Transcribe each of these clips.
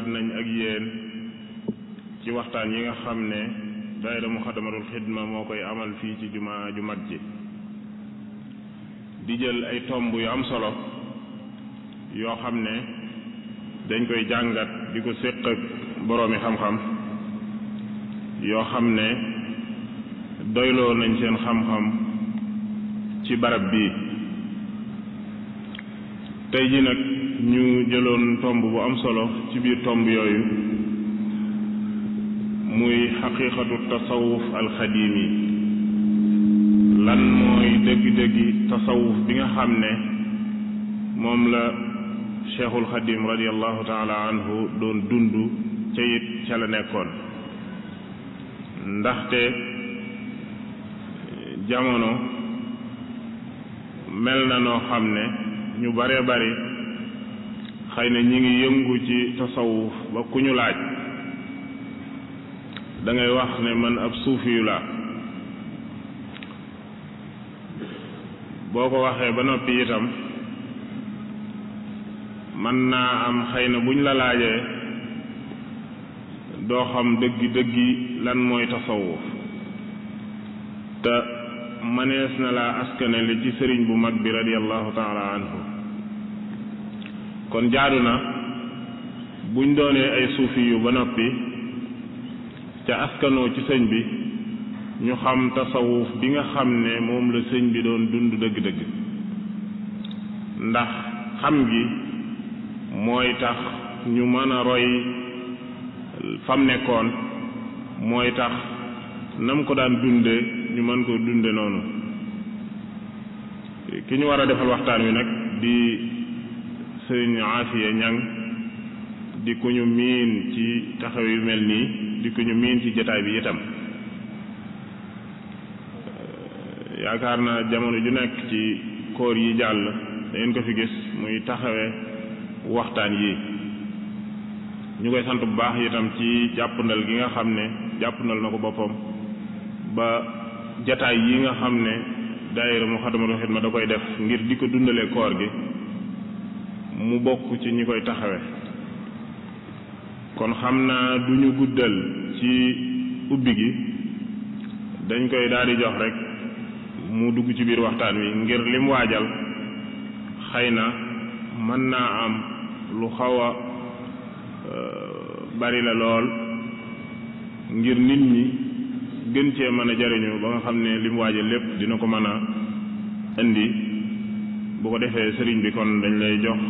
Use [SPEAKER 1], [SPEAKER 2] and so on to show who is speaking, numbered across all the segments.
[SPEAKER 1] ñëwaat nañ ak yéen ci waxtaan yi nga xam ne daayira muxadamatul xidma moo koy amal fii ci jumaa ju mag ji di jël ay tomb yu am solo yoo xam ne dañ koy jàngat di ko séq ak boroomi xam-xam yoo xam ne doyloo nañ seen xam-xam ci barab bii tey ji nag ñu jëloon tomb bu am solo ci biir tomb yooyu muy xaqiqatu tasawuf alxadimi lan mooy dëgg-dëggi tasawuf bi nga xam ne moom la cheikhul xadim radiallahu taala doon dund ca it ca la nekkoon ndaxte jamono mel na noo xam ne ñu bare bari xëy na ñi ngi yëngu ci tasawuf ba ku ñu laaj dangay wax ne man ab suufiyu laa boo ko waxee ba noppi itam mën naa am xëy na buñ la laajee doo xam dëggi dëggi lan mooy tasawuf te manees na laa askanale ci sëriñ bu mag bi radiyallahu taala kon jaadu na buñ doonee ay suufi yu ba noppi ca askanoo ci sëñ bi ñu xam tasawuf bi nga xam ne moom la sëñ bi doon dund dëgg-dëgg ndax xam gi mooy tax ñu mën a roy fam nekkoon mooy tax nam ko daan dunde ñu mën koo dunde noonu ki ñu war a defal waxtaan wi nag di sëriñ Aafiya Ñang di ko ñu miin ci taxaw yu mel nii di ko ñu miin ci jataay bi itam yaakaar na jamono ju nekk ci koor yi jàll dangeen ko fi gis muy taxawe waxtaan yi ñu koy sant bu baax itam ci jàppandal gi nga xam ne jàppandal na ko boppam ba jataay yi nga xam ne daayira Moukhaddamatoul ma da koy def ngir di ko dundalee koor gi mu bokk ci ñi koy taxawe kon xam naa du ñu guddal ci ubbi gi dañ koy daal jox rek mu dugg ci biir waxtaan wi ngir lim waajal xëy na mën naa am lu xaw a euh, bari la lool ngir nit ñi gën cee mën a jariñu ba nga xam ne li mu waaje lépp dina ko mën a indi bu ko defee sëriñ bi kon dañ lay jox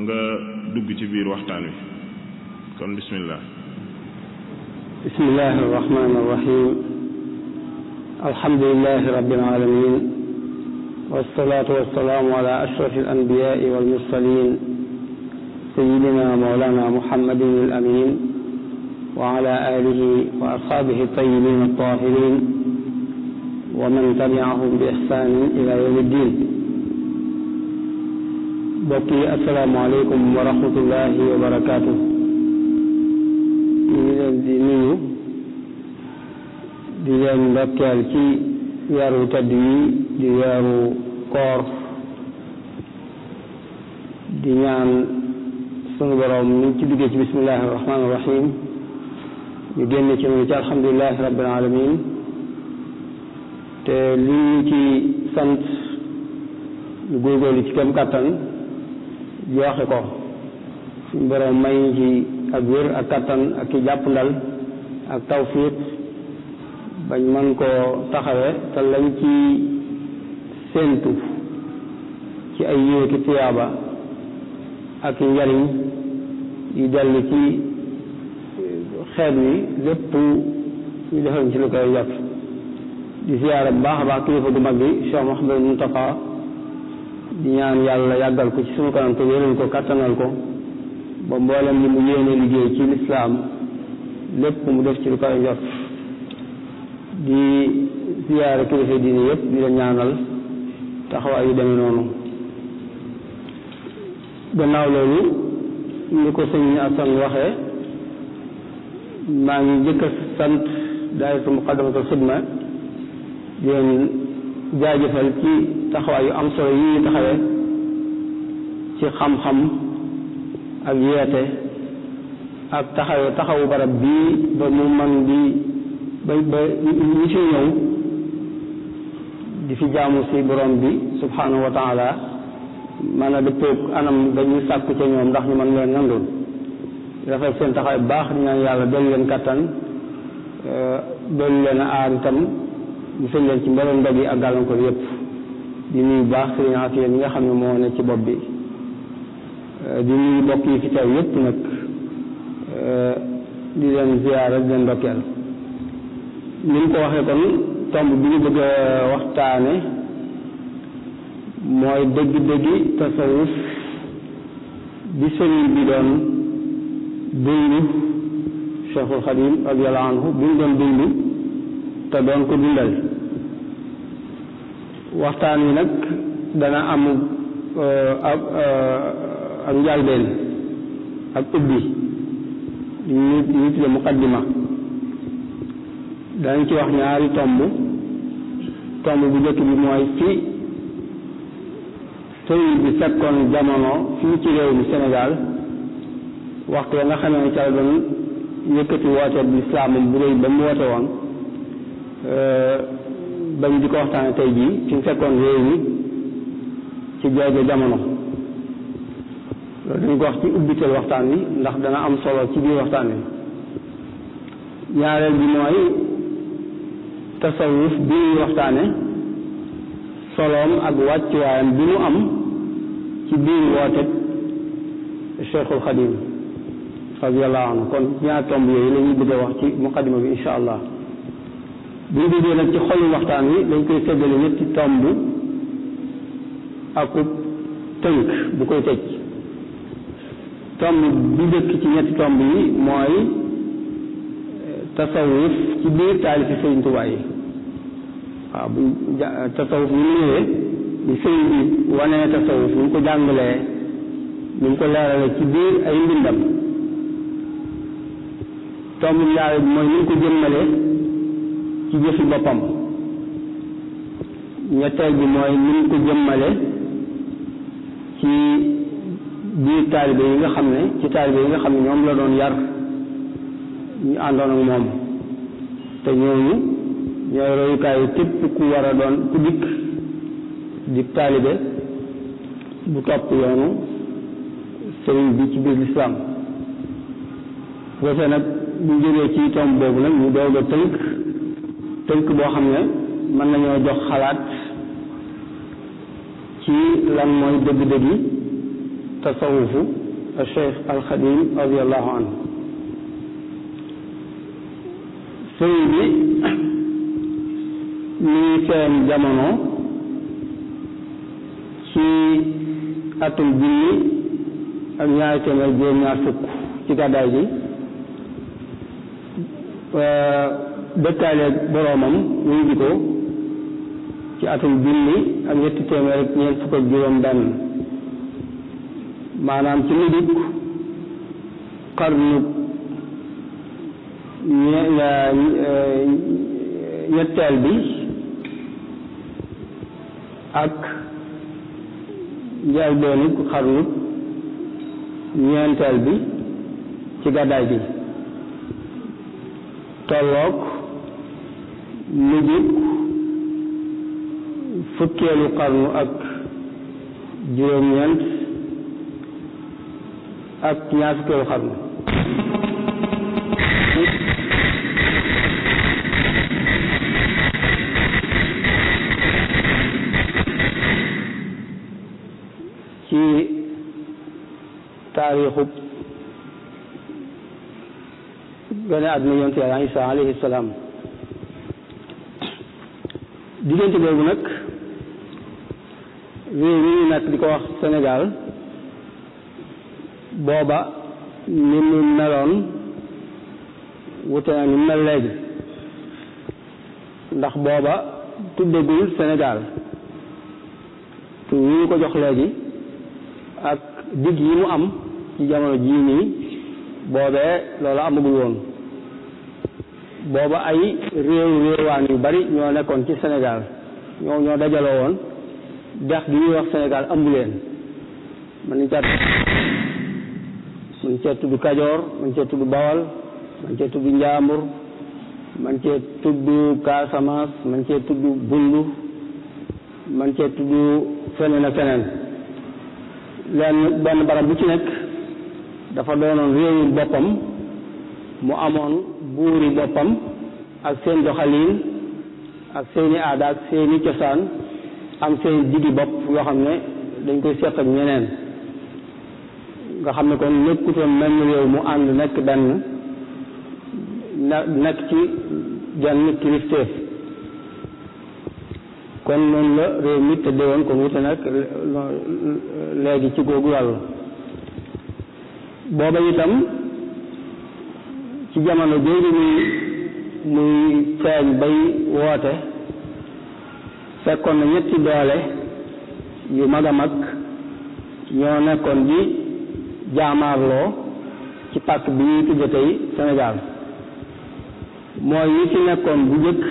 [SPEAKER 1] nga dugg ci biir waxtaan wi kon bismillah
[SPEAKER 2] bismillahi arrahmani arrahim alhamdulilahi rabbil alamin والصلاة والسلام على أشرف الأنبياء والمرسلين سيدنا مولانا محمد الأمين وعلى آله وأصحابه الطيبين الطاهرين ومن تبعهم بإحسان إلى يوم الدين بقي السلام عليكم ورحمة الله وبركاته ñu leen di nuyu di leen ndokkeel ci weeru tedd yi di weeru koor di ñaan sunu borom ñu ci duggee ci bismillahi rahmaani rahim ñu génn ci ñu ci alhamdulilah rabbil alamin te li ñu ci sant ñu góorgóorlu ci kem kàttan joxe ko suñu borom may ñu ci ak wér ak kàttan ak ki jàpp ndal ak tawfiq bañ mën koo taxawe te lañ ci séentu ci ay yiw ki tiyaaba ak njariñ yu dellu ci xeet wi lépp ñu defoon ci lu koy jot di ziyaara bu baax baax kilifa gu mag bi Cheikh Mouhamadou Moustapha di ñaan yàlla yàggal ko ci suñu kanam te wéral ko kàttanal ko ba mboolem li mu yéene liggéey ci lislaam lépp mu def ci lu koy jot di ziyaara kilifa diine yépp di leen ñaanal taxawaay yu demee noonu gannaaw loolu ni ko sëñ Assane waxee maa ngi jëkk a sant daayiratu muqaddamatul xidma di leen jaajëfal ci taxawaay am solo yi ñu taxawee ci xam-xam ak yeete ak taxawee taxawu barab bii ba mu man di ba ba ñi fi ñëw di fi jaamu si borom bi subhanahu wa taala maanaam dëppoog anam dañuy sàkku ca ñoom ndax ñu mën leen nandul rafet seen taxawaay bu baax di yàlla dolli leen kàttan euh, dolli leen aar itam musal leen ci mbooleem ndog yi ak gàllankoor yépp di nuyu baax sëriñ Afiya mi nga xam ne moo nekk ci bopp bi euh, di nuyu mbokk yi fi teew yépp nag euh, di leen ziyaara di leen ndokkeel ni mu ko waxee kon tomb bi ñu bëgg a waxtaane mooy dëgg-dëggi tasawuf bi sëriñ bi doon dund Cheikhul Xadim radiyallahu anhu bi mu doon dund te doon ko dundal waxtaan wi nag dana am uh, ak uh, njalbeen ak ubbi ñu ñu tudde muqaddima danañ ci wax ñaari tomb tomb bu njëkk bi mooy ci sëriñ bi fekkoon jamono fii ci réew mi waxtu wa nga xamee ne ca la doon yëkkati bi islaamam bu rëy ba mu woote woon euh, bañ di ko waxtaane tey bii fi mu fekkoon réew mi ci jooje jamono loolu dañ ko wax ci ubbiteel waxtaan wi ndax dana am solo ci biir waxtaan wi ñaareel bi mooy tasawuf bi ñuy waxtaane soloom ak wàccuwaayam bi mu am ci biir woote Cheikhul Xadim radiyallahu anhu kon ñaar tomb yooyu la ñuy wax ci muqaddima bi insha allah bu ñu duggee nag ci xolu waxtaan wi dañ koy séddale ñetti tomb ak tënk bu koy tëj tomb bi dëkk ci ñetti tomb yi mooy eh, tasawuf ci biir taalifi sëriñ Tuubaa yi waaw bu tasawuf ñu ñëwee ñu sëriñ bi wanee tasawuf ñu ko jàngalee ñu ko leerale ci biir ay mbindam tombu laawe bi mooy ni ko jëmmalee ci jëfi boppam ñetteel bi mooy ni ko jëmmale ci biir taalibe yi nga xam ne ci taalibe yi nga xam ne ñoom la doon yar ñu àndoon ak moom te ñooñu ñooy royukaayu képp ku war a doon ku dikk di taalibe bu topp yoonu sëriñ bi ci biir lislaam bu nag bu jógee ci tomb boobu nag ñu doog tënk tënk boo xam ne mën nañoo jox xalaat ci lan mooy dëgg-dëggi tasawufu al cheikh al xadim radiallahu anhu sëriñ bi muy seen jamono ci atum junni ak ñaari téeméer juróom ñaar fukk ci gàddaay gi Euh, dëkkaaleeg boroomam wuy ji ci atum junni ak ñetti téeméer ak ñeent fukk juróom benn maanaam ci mujjug xarnu ñetteel bi ak njalbeenug xarnu ñeenteel bi ci gàddaay bi tolloog lu jub
[SPEAKER 1] fukkeelu ak
[SPEAKER 2] juróom-ñeent ak ñaar fukkeelu xarnu ci taarixu gane àdduna yonent yàlla salaam diggante boobu nag réew mi ñu nekk di ko wax Sénégal booba ni mu meloon wute na ni mel léegi ndax booba tuddagul Sénégal te ñu ko jox léegi ak digg yi mu am ci jamono ji nii boobee loolu amagul woon booba ay réew réewaan yu bari ñoo nekkoon ci senegaal ñoo ñoo dajaloo woon dex gi ñuy wax Sénégal ëmb leen mën nañ caa tudd Kajoor mën cee tudd Bawal mën cee tudd Njaambur mën cee tudd Casamance mën cee tudd Bundu mën cee tudd feneen ak feneen lenn benn barab bu ci nekk dafa doonoon réewum boppam mu amoon buuri boppam ak seen doxalin ak seeni aada ak seeni cosaan am seen diggi bopp yoo xam ne dañ koy seq ak ñeneen nga xam ne kon nekkutoon menn réew mu ànd nekk benn na nekk ci genn kilifteef kon noonu la réew mi tëdde woon kon wute nag léegi ci googu wàll booba itam ci jamono jooju muy muy feeñ bay woote fekkoon na ñetti doole yu mag a mag ñoo nekkoon di jaamaarloo ci pàkk bi ñuy tudde tey Sénégal mooy yi fi nekkoon bu jëkk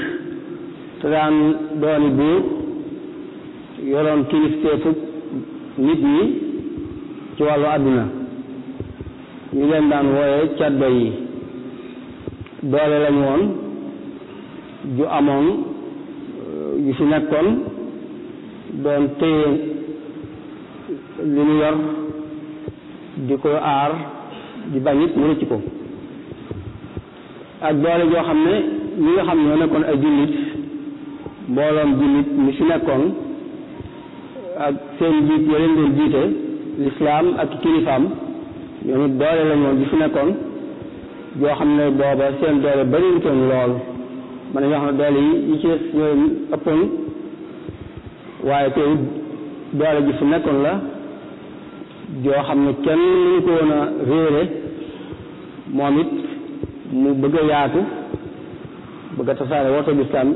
[SPEAKER 2] te daan dooni buur yoroon kilifteefu nit ñi ci wàllu àdduna ñu leen daan wooye caddo yi doole lañu woon ju amoon euh, yu fi nekkoon doon téye li ñu yor di ko aar di bañ it mu rëcc ko ak doole joo xam ne ñi nga xam ñoo nekkoon ay jullit mbooloom jullit mi fi nekkoon ak seen jiit ya leen doon jiite lislaam ak kilifaam ñoom it doole lañu woon ju fi nekkoon yoo xam ne booba seen doole bariwutoon lool man ñoo xam ne doole yi yi ci ëppoon waaye tey doole ji fu nekkoon la joo xam ne kenn mënu ko woon réere moom it mu bëgg a yaatu bëgg tasaare woto lislaam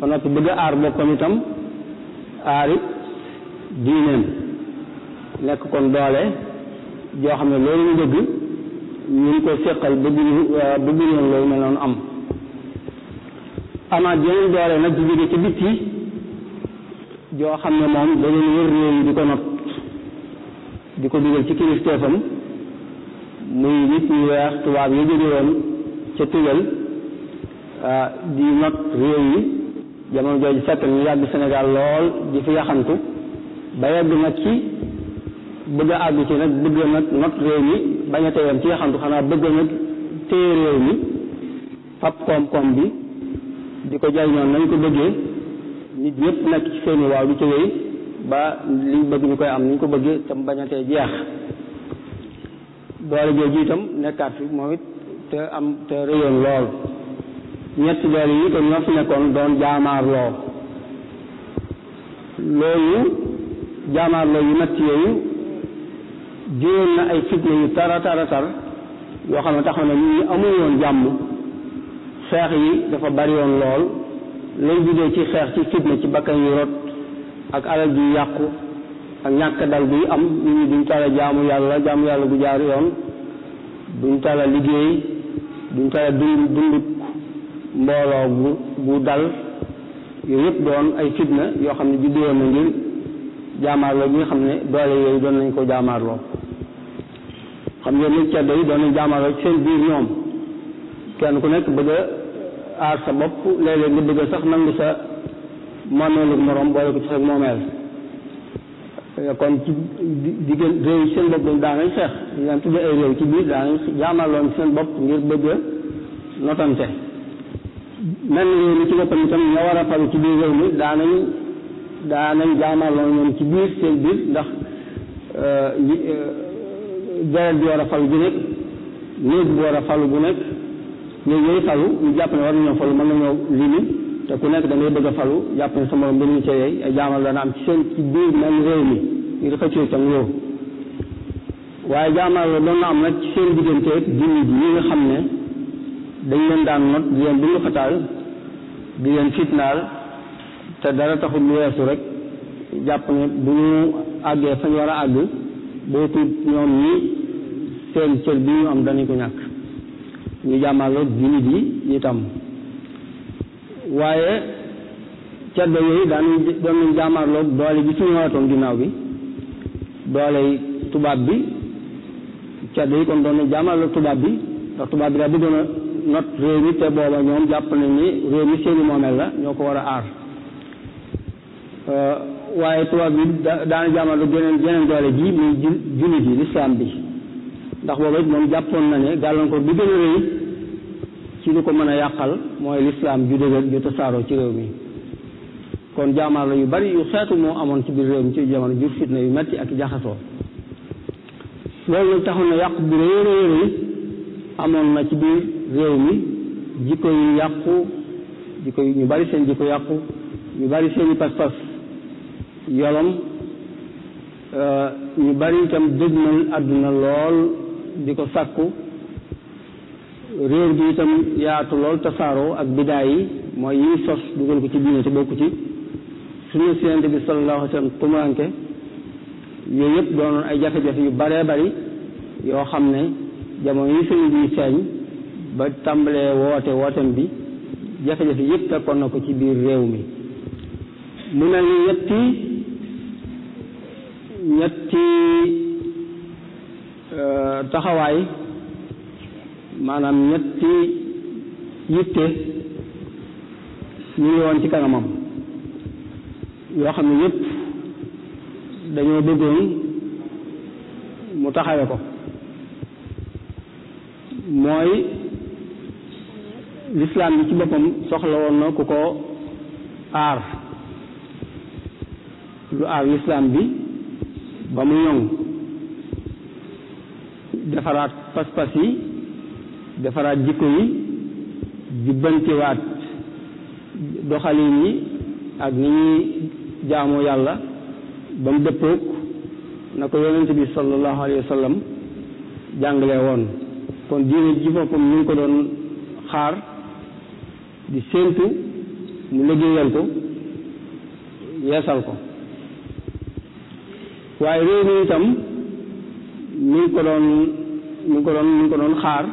[SPEAKER 2] ba noppi bëgg a aar boppam itam aar diineem nekk kon doole joo xam ne loolu ñu dëgg ñu ko seqal bëgguñu bëgguñu loolu mel noonu am amaat yeneen doole nag di jóge ci bitti joo xam ne moom da leen wër réew yi di ko not di ko dugal ci kilifteefam muy nit ñu weex tubaab yi jóge woon ca tugal di not réew yi jamono jooju fekk ñu yàgg Sénégal lool di fi yaxantu ba yàgg nag ci bëgg a àgg ci nag bëgg nag not réew mi bañ a teyoon ci yaxantu xanaa bëggoon ak téye réew mi fab koom-koom bi di ko jaay ñoon nañ ko bëggee nit ñëpp nekk ci seeni waaw di ci wéy ba li bëgg ñu koy am ni ñu ko bëggee tam bañ a tee jeex doole jooju itam nekkaat fi moom it te am te réyoon lool ñett doole yi itam ñoo fi nekkoon doon jaamaarloo loolu jaamaarloo yu metti yooyu juróon na ay fitna yu tara tara tar yoo xam ne tax na ñu amul woon jàmm xeex yi dafa bari lool lañ jugee ci xeex ci fitna ci bakkan yu rot ak alal ju yàqu ak ñàkk dal buy am nit ñi duñ tala jaamu yàlla jaamu yàlla gu jaar yoon buñ tala liggéey duñ tala dund dunduk mbooloo bu dal yooyu yëpp doon ay fitna yoo xam ne juddewoon na ngir jaamaarloo bi nga xam ne doole yooyu doon nañ ko jaamaarloo xam nga ni ceddo yi doon nañ jaamal rek seen biir ñoom kenn ku nekk bëgg a aar sa bopp léeg-léeg bëgg a sax nangu sa moomeelu moroom boole ko ci sa moomeel kon ci diggante réew yi seen bopp daa nañ xeex ñu ay réew ci biir daa jaamaloon seen bopp ngir bëgg a notante mel réew mi ci boppam itam ña war a faru ci biir réew mi daa nañ jaamaloon ñoom ci biir seen biir ndax euh, euh, jaret bi war a falu bu nekk néeg bu war a falu bu nekk néeg yooyu falu ñu jàpp ne war nañoo falu mën nañoo limi te ku nekk da bëgg a falu jàpp ne sa morom dinañu ca na am nag ci nga xam ne dañ leen daan not di leen bundu xataal di leen fitnaal te dara taxul lu weesu rek jàpp ne bu ñu àggee fa ñu war a àgg boo tiit ñoom ñi seen cër bi ñu am danañ ko ñàkk ñu jàmmaarloog jullit yi itam waaye ceddo yooyu daan doon nañ jàmmaarloog doole bi suñu waatoon ginnaaw bi doole tubaab bi ceddo yi kon doon nañ jàmmaarloog tubaab bi ndax tubaab bi daa bëggoon not réew te booba ñoom jàpp nañ ni réew mi seeni la ñoo ko war a aar euh, waaye tubaab yi daana jaamarlu geneen geneen doole ji muy jullit yi lislaam bi ndax booba it moom jàppoon na ne gàllankoor bi gën a ko mën a yàqal mooy lislaam ju dëgër ju ci réew mi kon jaamaarlo yu bari yu moo amoon ci biir réew mi ci jamono jur fitna yu metti ak jaxasoo na yàqu bu rëy rëy rëy amoon na ci biir réew mi jikko yu yàqu ñu bari seen jikko yàqu ñu bari seeni pas-pas yolom euh, ñu bari itam dëgmal àdduna lool di ko sakku réer bi itam yaatu lool tasaaroo ak bidaa yi mooy yiy sos dugal ko ci diine te bokku ci sunna si yonent bi sallallahu wa sallam tumuranke yooyu yëpp doonoon ay jafe-jafe yu baree bari yoo xam ne jamono yi sëriñ bi feeñ ba tàmbalee woote wootem bi jafe-jafe yëpp fekkoon na ko ci biir réew mi mu mel ni ñetti ñetti euh, taxawaay maanaam ñetti yitte ñu ngi ci kanamam yoo xam ne yépp dañoo bëggoon mu taxawe ko mooy lislaam bi ci boppam soxla woon na ku ko aar lu aar lislaam bi ba mu yoŋ defaraat pas-pas yi defaraat jikko yi jubbantiwaat doxalin yi ak ni ñuy jaamoo yàlla ba mu dëppoog na ko yonent bi sallallahu alayhi wa sallam jàngale woon kon diine ji boppam ñu ko doon xaar di séentu mu liggéeyal ko yeesal ko waaye réew mi itam mi ngi ko doon mi ngi ko doon xaar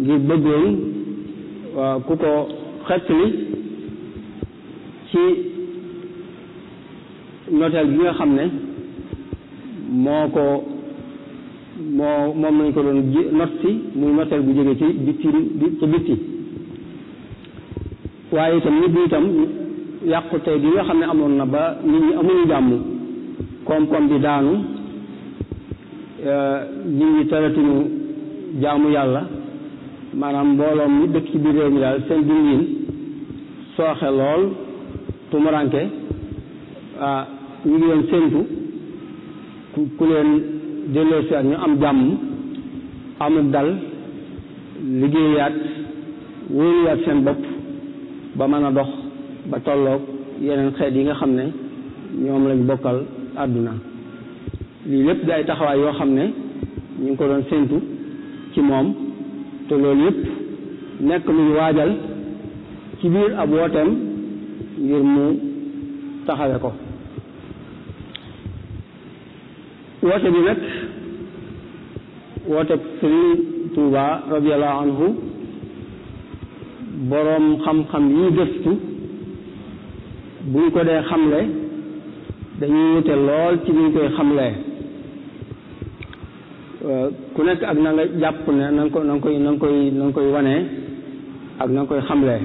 [SPEAKER 2] ngir bëggoon ku ko xettali ci noteel bi nga xam ne moo ko moo moom lañ ko doon not si muy noteel bu jóge ci bitti ci bitti waaye itam nit ñi itam yàqu tey nga xam ne amoon na ba nit ñi amuñu jàmm koom-koom bi daanu eh, nit ñi taratuñu jaamu yàlla maanaam mbooloom mu dëkk ci biir mi daal seen dundin sooxe lool tumuranke ah ñu ngi leen séntu ku ku leen delloo si ñu am jàmm amul dal liggéeyaat wóoruyaat seen bopp ba mën a dox ba tolloog yeneen xeet yi nga xam ne ñoom lañ bokkal àdduna lii lépp di ay taxawaay yoo xam ne ñu ngi ko doon séntu ci moom te loolu yëpp nekk lu waajal ci biir ab wooteem ngir mu taxawe ko woote bi nag woote Sëriñ Tuuba radiyallahu anhu boroom xam-xam yi gëstu buñ ko dee xamle dañuy wute lool ci niñ koy xamlee euh, ku nekk ak na nga jàpp ne na ko na nga koy na nga koy wane ak na nga koy xamle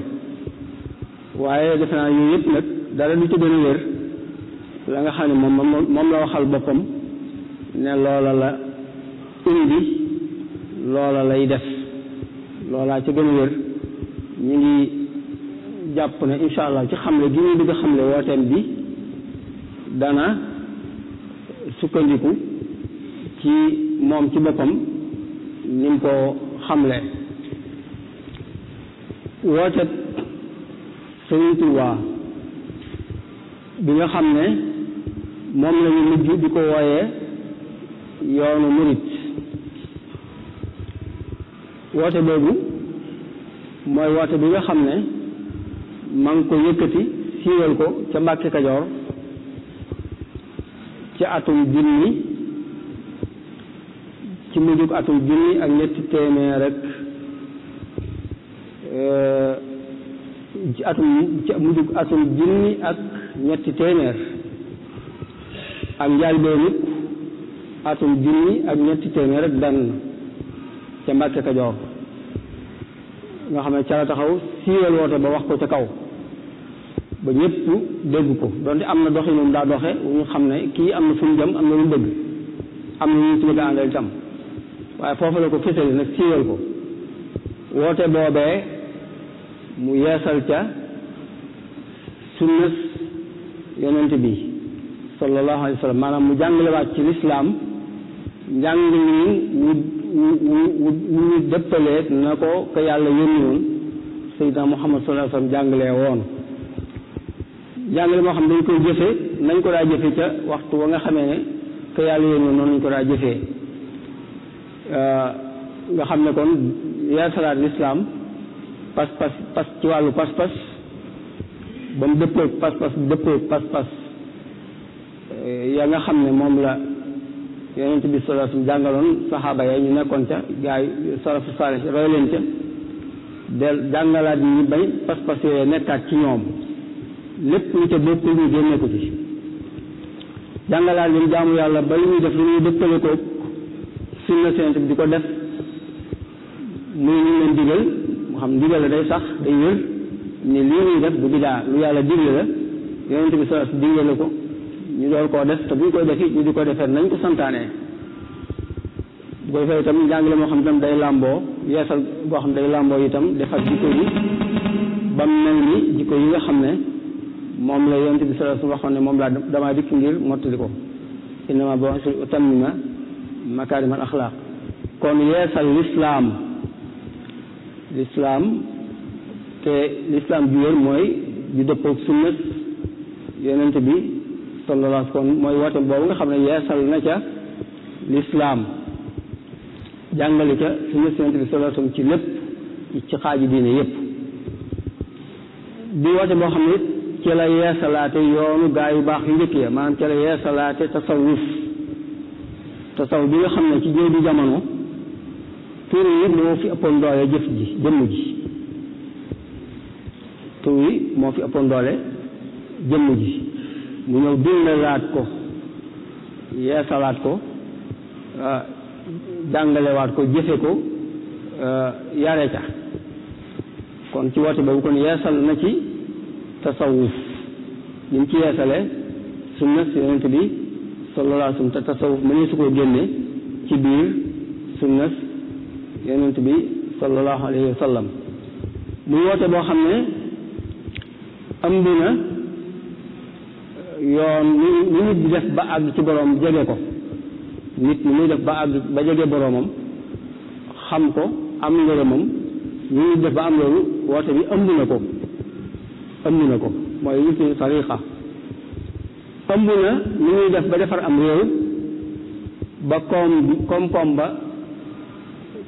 [SPEAKER 2] waaye def naa yooyu yëpp nag dara du ci gën a wér la nga xam ne moom moom la waxal boppam ne loola la indi loola lay def loolaa ci gën a wér ñu ngi jàpp na incha allah ci xamle gi ñu bëgg a xamle wooteem bi dana sukkandiku ci moom ci boppam ni mu ko xamle wootet Sëriñ Tuubaa bi nga xam ne moom lañu ñu mujj di ko wooyee yoonu murit woote boobu mooy woote bi nga xam ne ma ngi ko yëkkati siiwal ko ca Mbàkke Kajoor ci atum junni ci mujjug atum junni ak ñetti téeméer rek euh, ci atum ci atum junni ak ñetti téeméer ak njaal beenit atum junni ak ñetti téeméer rek benn ca Mbàkke Kajoor nga xam ne ca la taxaw siiwal woote ba wax ko ca kaw ba ñëpp dégg ko donte am na doxi moom daa doxe ñu xam ne kii am na fu mu jëm am na lu bëgg am na ñu ci bëgg àndal itam waaye foofu la ko fësale nag siiwal ko woote boobee mu yeesal ca sunnas yonent bi sallallahu alayhi wa sallam maanaam mu jàngalewaat ci lislaam njàng ni wu wu wu ñu dëppalee na ko ko yàlla yónni woon sayyidina Muhammad sallallahu alayhi wa sallam jàngalee woon jàngale moo xam dañ koy jëfee nañ ko daa jëfe ca waxtu wa nga xamee ne te yàlla yéen noonu lañ ko daa jëfee euh, nga xam ne kon yar salaat lislaam pas pas pas ci wàllu pas pas ba mu dëppoo pas pas dëppoo pas pas euh, yaa nga xam ne moom la yonent bi sallallahu alayhi jàngaloon saxaaba ya ñu nekkoon ca gaa yi salafu saalih roy leen ca del jàngalaat yi bañ pas pas yooyu nekkaat ci ñoom lépp lu ca bokkul ñu génne ko ci jàngalaat leen jaamu yàlla ba lu muy def lu muy ñuy dëppale ko sunna sent bi di ko def muy ñu leen digal moo xam digal la day sax day wér ne lii ñuy def bu bidaa lu yàlla digle la yonent bi sa digle ko ñu door koo def te buñ ñu def defi ñu di ko defee nañ ko santaanee bu ko defee itam njàngale moo xam itam day làmboo yeesal boo xam day làmboo itam defal jikko yi ba mu mel ni jikko yi nga xam ne moom la yonent bi sallallahu alayhi wasallam waxoon ne moom laa damaa dikk ngir mottali ko innama bu'istu li utammima makaarimal axlaaq kon yeesal lislaam lislaam te lislaam ju wér mooy ju dëppoog sunnat yonent bi sallallahu alayhi wasallam kon mooy woote boobu nga xam ne yeesal na ca lislaam jàngale ca sunnat yonent bi sallallahu alayhi wasallam ci lépp ci xaaji diine yépp di woote boo xam ne ci la yeesalaate yoonu gaa yu baax yu njëkk ya maanaam ci la yeesalaate tasawuf tasawuf bi nga xam ne ci jëw di jamono tur yi moo fi ëppoon doole jëf ji jëmm ji tur moo fi ëppoon doole jëmm ji mu ñëw dundalaat ko yeesalaat ko euh, jàngalewaat ko jëfe ko euh, yare ca kon ci woote boobu kon yeesal na ci tasawuf ñu ci yeesale sunna si yonent bi sallallahu alayhi wasallam te tasawuf mënee su koo génne ci biir sunna yonent bi sallallahu alayhi wasallam muy woote boo xam ne am na yoon ni nit di def ba àgg ci boroom jege ko nit ni muy def ba àgg ba jege boroomam xam ko am ngërëmam ni muy def ba am loolu woote bi ëmb na ko ëmb na ko mooy wuti tariqa ëmb na ni ñuy def ba defar am réew ba koom koom-koom ba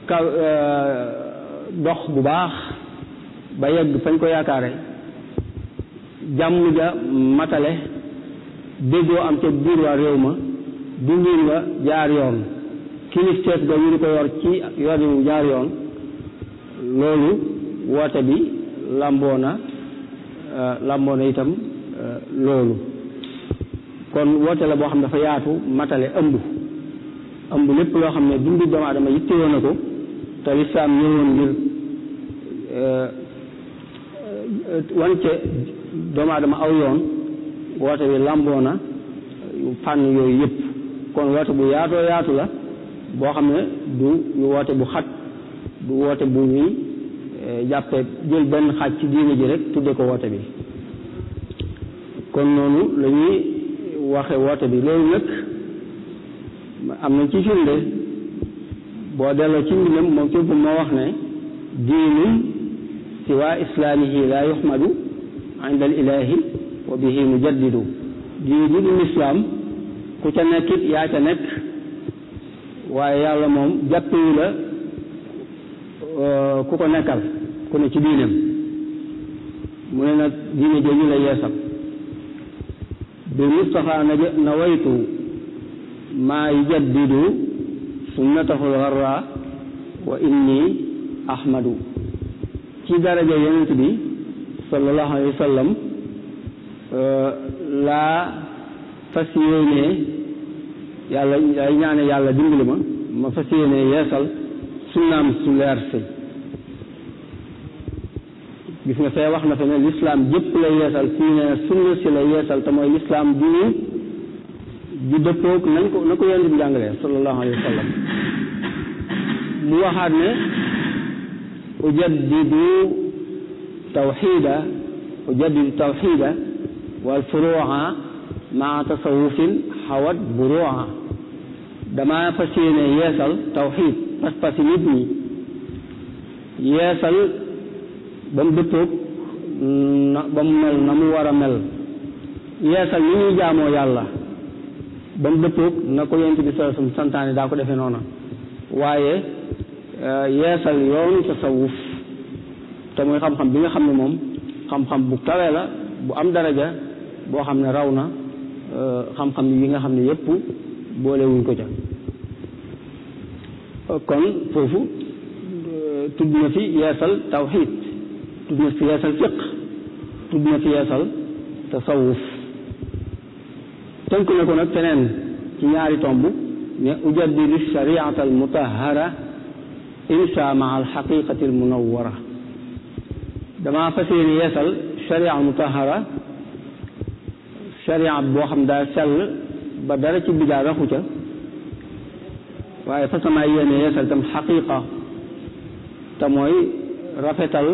[SPEAKER 2] kaw euh, dox bu baax ba yegg fañ ko yaakaare jàmm ja matale déggoo am ca biir waa réew ma dundin wa jaar yoon kilifteef ga ñu di ko yor ci yor yu jaar yoon loolu woote bi lamboo na Euh, làmboo na itam euh, loolu kon woote la boo xam ne dafa yaatu matale ëmb ëmb lépp loo xam ne dundu doomu aadama yittewoo na ko te lislaam ñëwoon ngir euh, wance doomu aadama aw yoon woote bi làmboo na fànn yooyu yëpp kon woote bu yaatoo yaatu la boo xam ne du woote bu xat du woote bu ñuy jàppee jël benn xaaj ci diine ji rek tudde ko woote bi kon noonu la ñuy waxe woote bi loolu nag am na ci firnde boo delloo ci mbindam moom ci moo wax ne diinun siwa islaamihi la yuhmadu inda al ilahi wa bihi mujaddidu diine ji islaam ku ca nekk yaa ca nekk waaye yàlla moom jàppewu la euh, ku ko nekkal ku ne ci diineem mu ne nag diine jooju la yeesal bi Mustafa nawaytu maa yujaddidu sunnatahul gharra wa inni ahmadu ci daraja yonent bi sallallahu alayhi wa sallam euh, laa fas yéenee yàlla ay ñaane yàlla dimbali ma ma fas yéenee yeesal sunnaam su leer si gis nga wax na fa ne lislaam jëpp la yeesal fii ne sunna si la yeesal te mooy lislaam bi ñu ju dëppoog nañ ko na ko yonent bi jàngalee mu waxaat ne ujaddidu tawxida ujaddidu tawxida wal maa tasawufin xawat buruuha damaa fas yéene yeesal tawxid pas-pasi nit ñi ba mu dëppoog mm, na ba mu mel na mu war a mel yeesal yi ñuy jaamoo yàlla ba mu dëppoog na ko yonent bi sallallahu alayhi santaane daa ko defee noona waaye eh, yeesal yoonu tasawuf te muy xam-xam bi nga xam ne moom xam-xam bu kawe la bu am daraja boo xam ne raw na eh, xam-xam yi nga xam ne yépp boolewuñ ko ca kon foofu eh, tudd na fi yeesal tawxiid تبنى سياسة الفقه تبنى سياسة التصوف تنكن يكون التنين كي يعري تنبو أجدد الشريعة المطهرة إنسى مع الحقيقة المنورة دما فسير يسل الشريعة المطهرة الشريعة بوحم دا سل بدرة بجارة خوشة وإذا ما يسل تم حقيقة تموي رفتل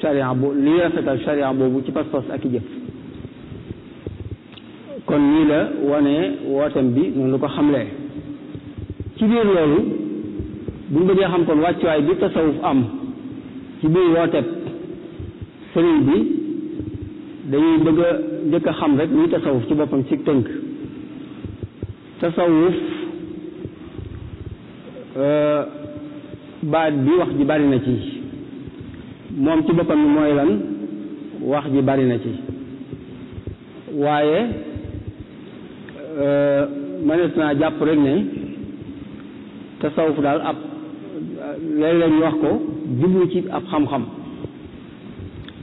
[SPEAKER 2] charia bo lii rafetal charia boobu ci pas-pas ak i jëf kon nii la wane wootam bi noonu la ko xamle ci biir loolu buñ bëggee xam kon wàccuwaay bi tasawuf am ci biir wooteeb sëriñ bi dañuy bëgg a njëkk xam rek luy tasawuf ci boppam ci tënk tasawuf euh, baat bi wax ji bari ci moom ci boppam mooy lan wax ji bari na ci waaye euh, mënees naa jàpp rek ne tasawuf daal ab léeg-léeg wax ko jublu ci ab xam-xam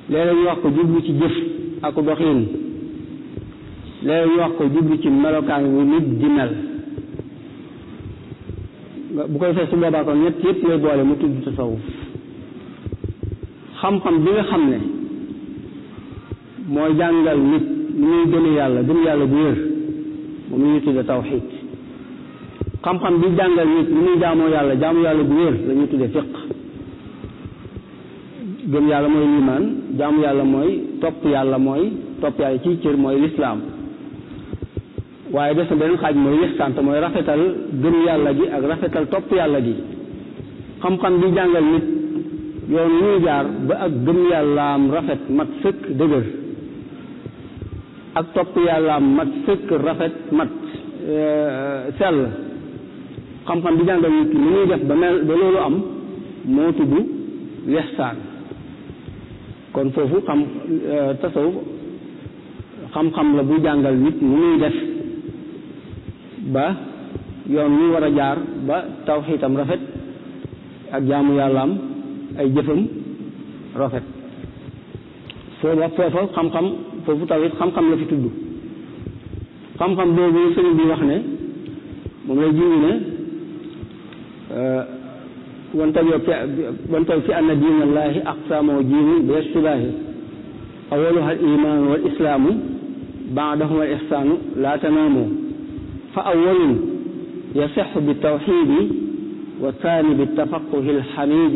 [SPEAKER 2] léeg-léeg wax ko jublu ci jëf ak doxin léeg-léeg ñu wax ko jublu ci melokaan wu nit di mel bu koy fee su boobaa kon ñett yëpp lay boole mu tudd tasawuf xam-xam bi nga xam ne mooy jàngal nit mu muy gëme yàlla gëm yàlla bu wér moom la ñuy tudde xam-xam bi jàngal nit lu muy jaamoo yàlla jaamu yàlla bu wér la ñuy fiq gëm yàlla mooy liimaan jàmm yàlla mooy topp yàlla mooy topp yàlla ci cër mooy lislaam waaye des na beneen xaaj mooy lixsaan te mooy rafetal gëm yàlla bi ak rafetal topp yàlla gi xam-xam bi jàngal nit yoon wi jaar ba ak gëm yàllaam rafet mat sëkk dëgër ak topp yàllaam mat sëkk rafet mat euh, sell xam-xam bi jàngal nit ki muy def ba ba loolu am moo tudd lexsaan kon foofu xam euh, tasawuf xam la bu jàngal nit mu muy def ba yoon wi war a jaar ba tawxiitam rafet ak jaamu yàllaam ay jëfam rafet foofu wax foofa xam-xam foofu tamit xam-xam la fi tudd xam-xam boobu sëriñ bi wax ne moom lay jiwu ne وانتبه وانتبه في أن دين الله أقسام وجيم بالاشتباه أولها الإيمان والإسلام بعدهما الإحسان لا تنام فأول يصح بالتوحيد والثاني بالتفقه الحميد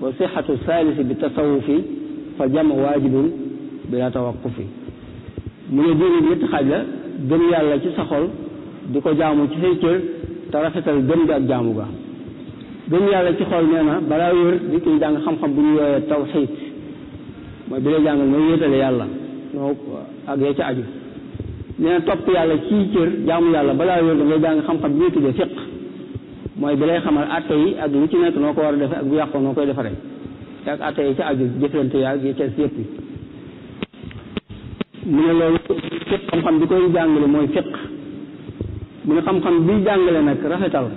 [SPEAKER 2] wa sixatu saalisi bi tasawufi fa jam waajibun bila tawaqufi mu ne diine bi ñetti xaaj la gëm yàlla ci sa xol di ko jaamu ci say cër te rafetal gëm gi ak jaamu ga gëm yàlla ci xol nee na balaa wér di koy jàng xam-xam bu ñu yooyee tawxiid mooy bi lay jàngal mooy wéetale yàlla noo ak ya ci aju nee na topp yàlla ci cër jaamu yàlla balaa wér da ngay jàng xam-xam bi ñuy tuddee fiq mooy bi lay xamal atte yi ak lu ci nekk noo ko war a defe ak bu yàqoo noo koy defaree ak atte yi ci aju jëflante yi ca yëpp yi mu ne loolu fiq xam-xam bi koy jàngale mooy fiq mu ne xam nag rafetal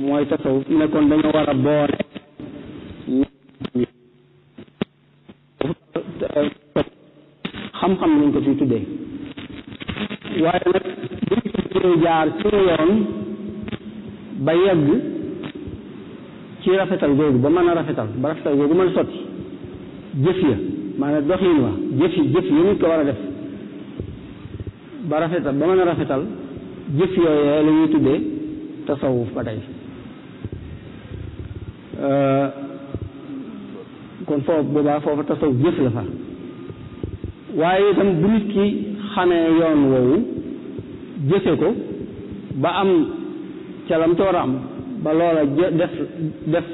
[SPEAKER 2] mooy tasawuf mu ne kon war a boole xam-xam lañ ko fi tuddee waaye nag buñ ko jaar ci yoon ba yegg ci rafetal googu ba mën a rafetal ba rafetal googu mën a sotti jëf ya maanaam doxin wa jëf yi jëf yi nit ko war a def ba rafetal ba mën a rafetal jëf yooyee lañuy ñuy tuddee tasawuf ba tey kon foofu boobaa foofu tasawuf jëf la fa waaye itam bu nit ki xamee yoon woowu jëfe ko ba am ca lam ca war am ba loola def def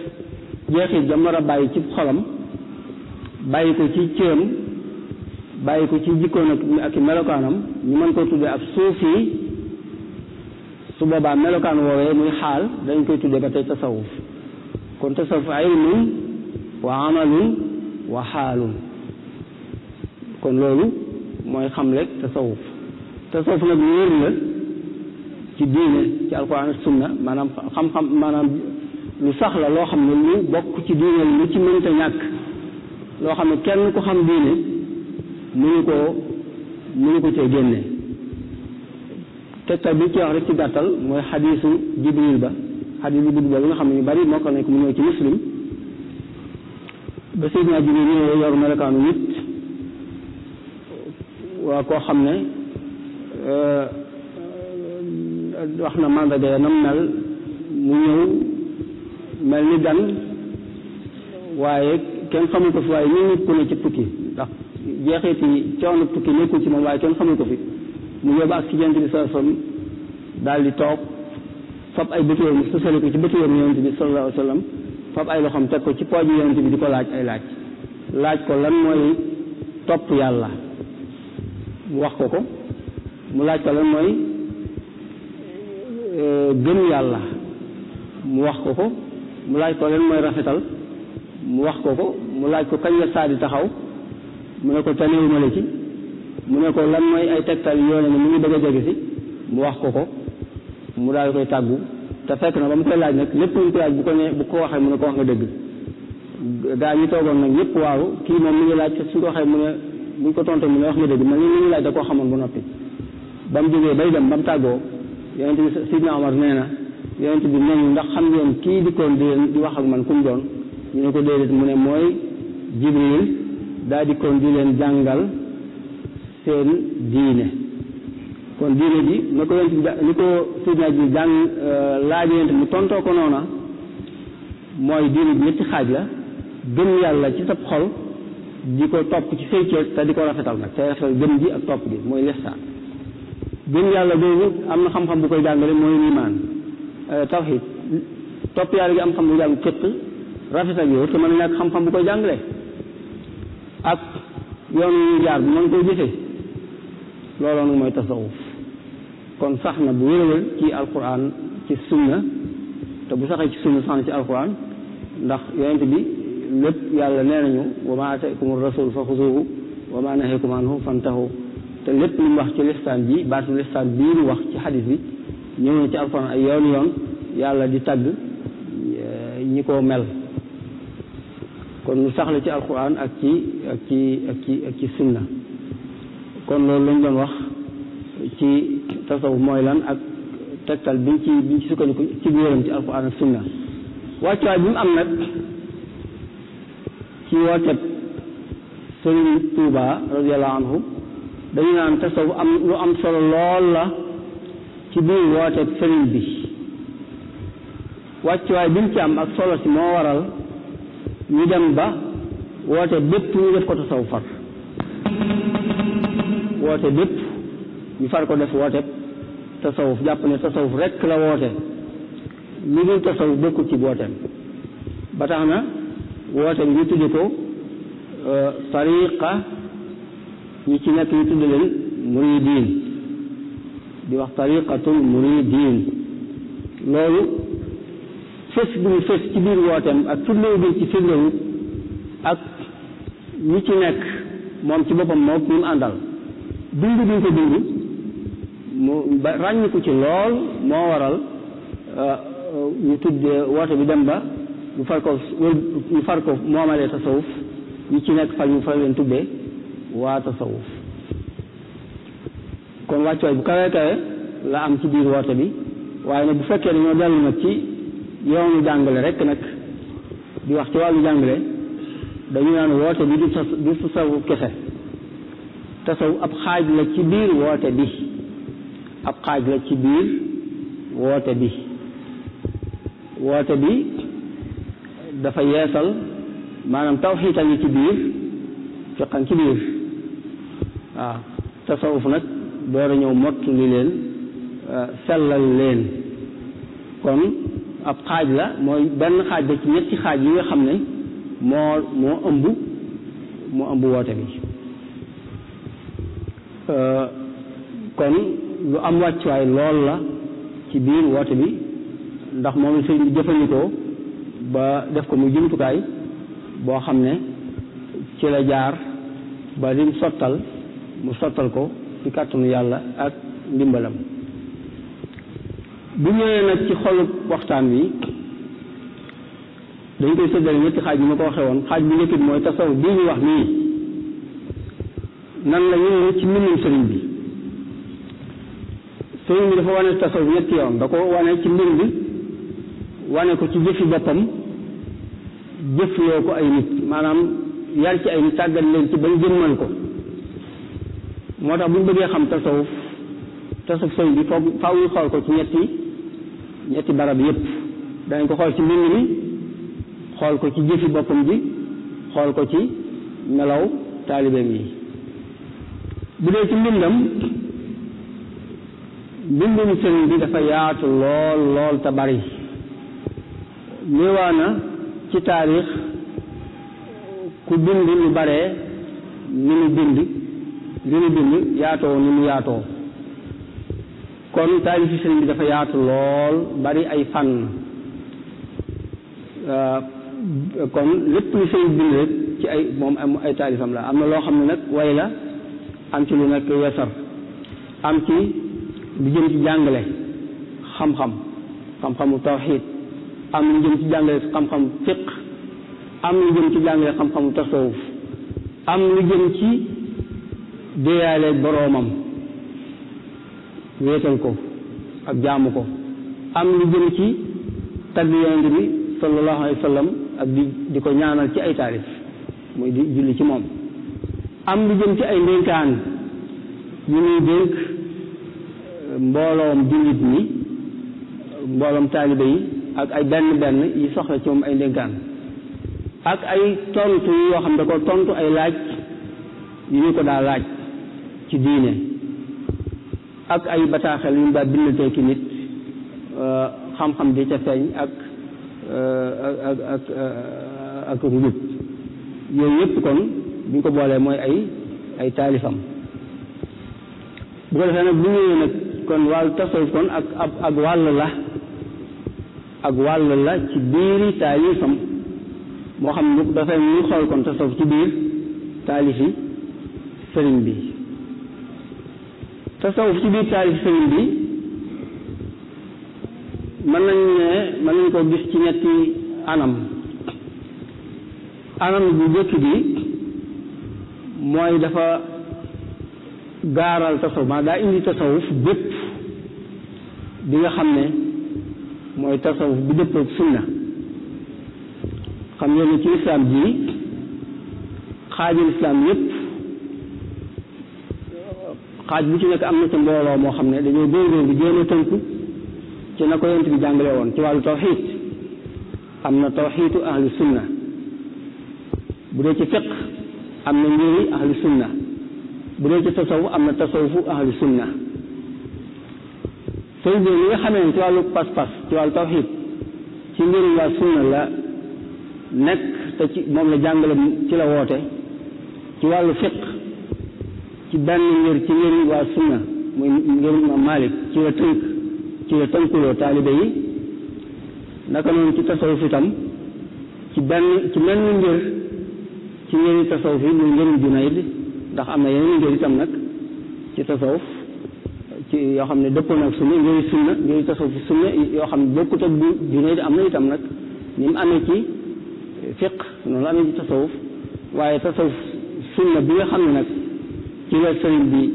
[SPEAKER 2] jeexit jam war a bàyyi ci xolam bàyyi ko ci cëram bàyyi ko ci jikkoon ak melokaanam ñu mën koo tuddee ak suufi su boobaa melokaan woowee muy xaal dañ koy tuddee ba tey tasawuf kon tasawuf ilmun wa amalun wa xaalun kon loolu mooy xam lek tasawuf tasawuf nag wér la ci diine ci alquran sunna maanaam xam-xam maanaam lu sax la loo xam ne lu bokk ci diine lu ci mënta ñàkk loo xam ne kenn ku xam diine ko mu mënu ko cee génne tegtal bi ci wax rek ci gàttal mooy xadiisu jibril ba xadiis bu gudd boobu nga xam ne ñu bari moo ko mu ñëw ci muslim ba seydina jibril ñëwee yor nit waa koo xam ne euh, wax na mandarga ya nam mel mu ñëw mel ni gan waaye kenn xamul ko fi waaye ñu nit ku ne ci tukki ndax jeexeeti coono tukki nekkul ci moom waaye kenn xamul ko fi mu yóbbu ak ci jant bi sa sallam daal di toog fab ay bëtéeram sosali ko ci yoon yonent bi sallallahu alayhi wa sallam fab ay loxoom teg ko ci pooju yonent bi di ko laaj ay laaj laaj ko lan mooy topp yàlla mu wax ko ko mu laaj ko lan mooy gëm yàlla mu wax ko ko mu laaj ko leen mooy rafetal mu wax ko ko mu laaj ko kañ la saa di taxaw mu ne ko tanewuma la ci mu ne lan mooy ay tegtal yoone ne mu ngi bëgg a mu wax ko ko mu daal koy tàggu te fekk na ba laaj nag lépp lu mu bu ko ne bu ko waxee mu ne ko wax nga dëgg gaa ñi toogoon nag ñëpp waaru kii moom mi ngi laaj te su ko waxee mu ne buñ ko tontee mu ne wax nga dëgg man li ñu laaj da koo xamoon ba noppi ba mu jógee bay dem ba mu tàggoo yonent bi sidna Omar nee na yonent bi nañu ndax xam ngeen kii dikkoon di wax ak man ku mu doon ñu ne ko déedéet mu ne mooy Jibril daa dikkoon di leen jàngal seen diine kon diine ji na ko yonent bi ni ko sidna ji jàng euh, laaj yonent mu tontoo ko noona mooy diine bi ñetti xaaj la gëm yàlla ci sab xol di ko topp ci say cër te di ko rafetal nag te rafetal gëm ji ak topp gi mooy lihsaan gëm yàlla googu am na xam-xam bu koy jàngalee mooy liimaan euh, tawxid topp yàlla gi am xam bu jàng fiq rafet ak yow te mën na ñàkk xam-xam bu koy jàngale ak yoon yu jaar bu mën koy jëfee looloo mooy tasawuf kon sax na bu wérawal ci alquran ci sunna te bu saxee ci sunna sax na ci alquran ndax yonent bi lépp yàlla nee nañu wa ma ataykum rasul fa xuzuhu wa ma nahekum anhu fantahu te lépp lu mu wax ci lihsaan ji baatu lihsaan bii mu wax ci xadis bi ñëw na ci alxuraan ay yoon yoon yàlla di tagg eh, ñi ko mel kon lu saxla ci alxuraan ak ci ak ci ak ci ak sunna kon loolu lañ doon wax ci tasawuf mooy lan ak tegtal biñ ci biñ ci sukkandiku ci biiram ci alxuraan ak sunna wàccuwaay bi mu am nag ci wooteeb Sëriñ Tuuba radiyallahu anhu dañu naan tasawuf am lu am solo lool la ci biir woote sëriñ bi wàccuwaay bi mu ci am ak solo si moo waral ñu dem ba woote bépp ñu def ko tasawuf far woote bépp ñu far ko def woote tasawuf jàpp ne tasawuf rekk la woote li dul tasawuf bokkul ci booteem ba tax na woote bi ñu tudde ko euh, ñi ci nekk ñu tudd leen muridiin di wax tariqatul muridiin loolu fës bi mu fës ci biir wooteem ak firndewu bi ci firndewu ak ñi nekk moom ci boppam moo ñu mu àndal dund bi ñu ko dund mu ba ràññiku ci lool moo waral euh, ñu tudd woote bi dem ba ñu far ko ñu far ko moomalee tasawuf ñi ci nekk far ñu far leen tuddee waa tasawuf kon wàccuwaay bu kawee kawe la am ci biir woote bi waaye nag bu fekkee dañoo dellu nag ci yoonu jàngale rekk nag di wax ci wàllu jàngale dañu naan woote bi du tas du tasawuf kese tasawuf ab xaaj la ci biir woote bi ab xaaj la ci biir woote bi woote bi dafa yeesal maanaam tawxiital yi ci biir fiqan ci biir waaw tasawuf nag door a ñëw mottu li leen euh, sellal leen kon ab xaaj la mooy benn xaaj ba ci ñetti xaaj yi nga xam ne moo moo ëmb mu ëmb woote bi euh, kon lu am wàccuwaay lool la ci biir woote bi ndax moom la jëfandikoo ba def ko mu jumtukaay boo xam ne ci la jaar ba lim sottal mu sottal ko ci kàttanu yàlla ak ndimbalam bu ñëwee nag ci xolub waxtaan wi dañ koy séddale ñetti xaaj bi ma ko waxee woon xaaj bi njëkk mooy tasawuf bii ñu wax nii nan la ñëwee ci mbindum sëriñ bi sëriñ bi dafa wane tasawuf ñetti yoon da ko wane ci mbir bi wane ko ci jëfi boppam jëfloo ko ay nit maanaam yar ci ay nit tàggat leen ci bañ jëmmal ko moo tax bu ñu bëggee xam tasawuf tasawuf sëñ bi foog faaw ñu xool ko ci ñetti ñetti barab yépp dañ ko xool ci mbind mi xool ko ci jëfi boppam ji xool ko ci melaw taalibeem yi bu dee ci mbindam mbindum sëriñ bi dafa yaatu lool lool te bari néewaa na ci taarix ku bind lu bare ni mu bind gën a bind yaatoo ni mu yaatoo kon taalif ci sëriñ bi dafa yaatu lool bari ay fànn euh, kon lépp lu sëriñ bind rek ci ay moom ay taalifam la am na loo xam ne nag way la am ci lu nekk yasar am ci lu jëm ci jàngale xam-xam xam-xamu tawxiid am lu jëm ci jàngale xam-xamu fiq am lu jëm ci jàngale xam-xamu tasawuf am lu jëm ci déeyaaleeg boroomam wéetal ko ak jaamu ko am lu jëm ci tagg yonent bi sallallahu alayhi wa ak di di ko ñaanal ci ay taalif mooy di julli ci moom am lu jëm ci ay ndénkaan yu ñuy dénk euh, mbooloom jullit mi mbooloom taalibe yi ak ay benn benn yi soxla ci moom ay ndénkaan ak ay tontu yoo xam ne ko tontu ay laaj yu ñu ko daa laaj ci diine ak ay bataaxel yu mu daa bindantee ki nit euh, xam-xam di ca feeñ euh, ak ak ak ak njub yooyu yëpp kon bu ñu ko boolee mooy ay ay taalifam bu ko defee nag bu ñëwee nag kon wàllu tasawuf kon ak ab ak wàll la ak wàll la ci biiri taalifam moo xam ne dafay ñu xool kon tasawuf ci biir taalifi sëriñ bi tasawuf ci biir taarif sëriñ bi mën nañ ne mën nañ koo gis ci ñetti anam anam bu jëkk bi mooy dafa gaaral tasawuf maanaam daa indi tasawuf bépp bi nga xam ne mooy tasawuf bi dëppoo ak xam ngeen ne ci islam ji xaajal islam yépp xaaj bu ci nekk am na ca mbooloo moo xam ne dañoo góorgóorlu jéem a tënku ci na ko yent bi jàngale woon ci wàllu tawxiid am na tawxiidu ahlu sunna bu dee ci fiq am na njëri ahlu sunna bu dee ci tasawuf am na tasawufu ahlu sunna sëy bi li nga xamee ne ci wàllu pas-pas ci wàllu tawxiid ci njëriñ waa sunna la nekk te ci moom la jàngale ci la woote ci wàllu fiq ci benn ngir ci ngëriñ waa sunna muy ngëriñ ma Malik ci la tënk ci la tënkuloo taalibe yi naka noonu ci tasawuf itam ci benn ci menn ngir ci ngëriñ tasawuf yi muy ngëriñ Junayd ndax am na yeneen ngir itam nag ci tasawuf ci yoo xam ne dëppoon ak sunna ngëri sunna ngëri tasawuf ci sunna yoo xam ne bokkut ak bu Junayd am na itam nag ni mu amee ci fiq noonu amee ci tasawuf waaye tasawuf sunna bi nga xam ne nag ci la sëriñ bi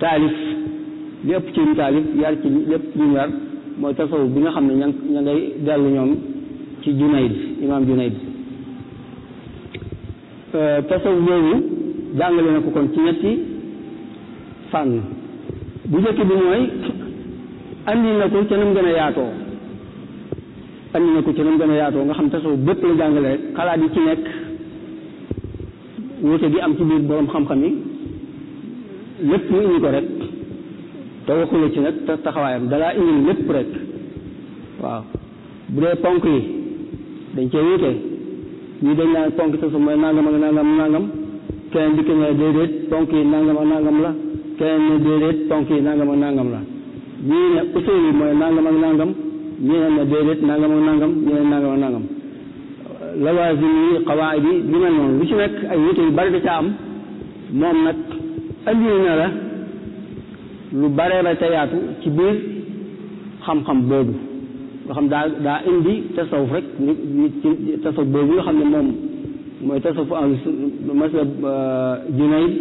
[SPEAKER 2] taalif li ci mu taalif yar ci lépp ñu mooy tasawuf bi nga xam ne ña ngay dellu ñoom ci Junayd imaam Junayd euh, tasawuf boobu jàngale na ko kon ci ñetti fànn bu njëkk bi na ko ca nam gën a na ko ca nam gën a nga xam tasawuf bépp la jàngale rek xalaat ci nekk wuute gi am ci biir boroom xam-xam yi lépp mu indi ko rek te waxula ci nag taxawaayam dalaa indi lépp rek waaw bu dee ponk yi dañ cee wuute ñii dañ naan ponk te su mooy nangam ak nangam nangam keneen dikk ne déedéet ponk yi nangam ak nangam la keneen ne déedéet yi nangam ak nangam la ñii ne usul nangam ak nangam ñii yi xawaay bi li mel noonu lu ci nekk ay wuute yu bari da ca am moom nag indi na la lu bare la te yaatu ci biir xam-xam boobu nga xam daa daa indi tasawuf rek ci tasawuf boobu nga xam ne moom mooy tasawuf ahlu masab euh, junayd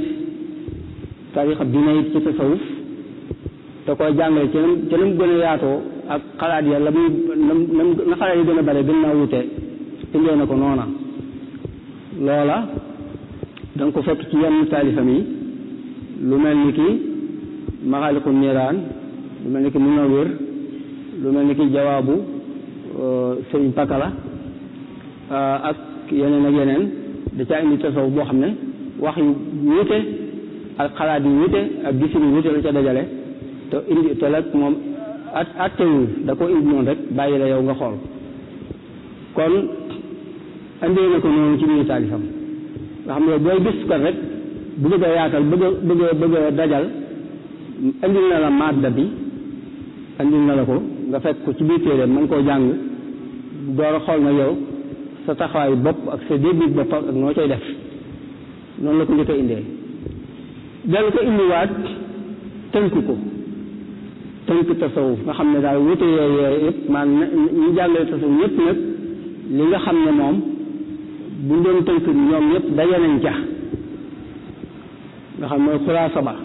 [SPEAKER 2] tariqa junayd ci tasawuf te koy jàngale ci nam ci nam gën a yaatoo ak xalaat ya la muy nam na xalaat yi gën a bare gën naa wute indee na ko noona loola da ko fekk ci yenn taalifam yi lu mel ni ki maxaaliku niiraan lu mel ni ki munawir lu mel ni ki jawaabu euh, sëriñ pakala euh, ak yeneen ak yeneen da ca indi tasaw boo xam ne wax yu wute ak xalaat yu wute ak gisin yu wute la ca dajale te indi te nag moom at da ko indi noonu rek bàyyi la yow nga xool kon andee na ko noonu ci biir taalifam nga xam ne booy gis kon rek bu bëgg yaatal bëgg a bëgg bëgg dajal andil na la madda bi andil na la ko nga fekk ko ci biir téere mën koo jàng door a xool na yow sa taxawaayu bopp ak sa débit bopp ak noo cay def noonu la ko njëkk indee dellu ko indiwaat tënk ko tënk tasawuf nga xam ne daal wute yooyu yëpp maanaam ñi jàngale tasawuf yëpp nag li nga xam ne moom bu doon tënk ñoom yëpp daje ca nga xam mooy xulaasa ba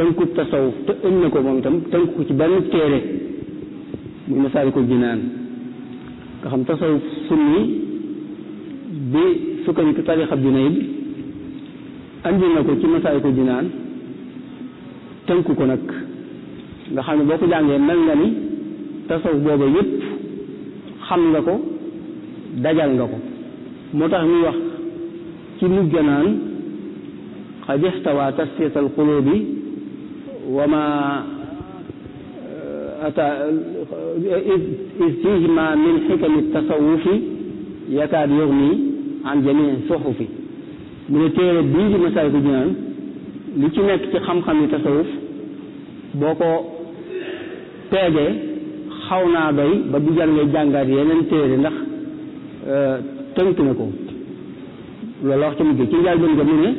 [SPEAKER 2] tënku tasawuf te ën na ko moom itam tënku ko ci benn téere muy Masaalikul Jinaan nga xam tasawuf sunni bi sukkandiku tariixa Junayd andi na ko ci Masaalikul naan tënku ko nag nga xam ne boo ko jàngee mel nga ni tasawuf booba yépp xam nga ko dajal nga ko moo tax muy wax ci mujj naan قد احتوى تسية القلوب وما آه، أتى إذ فيه ما من حكم التصوف يكاد يغني عن جميع صحف من تير بيج مسائل جنان لكن خم خم التصوف بوكو تاجي خونا داي با دي جانغي جانغار يينن تير نخ آه، تنكنكو لولا وقت مجي كي جالبن جمعيني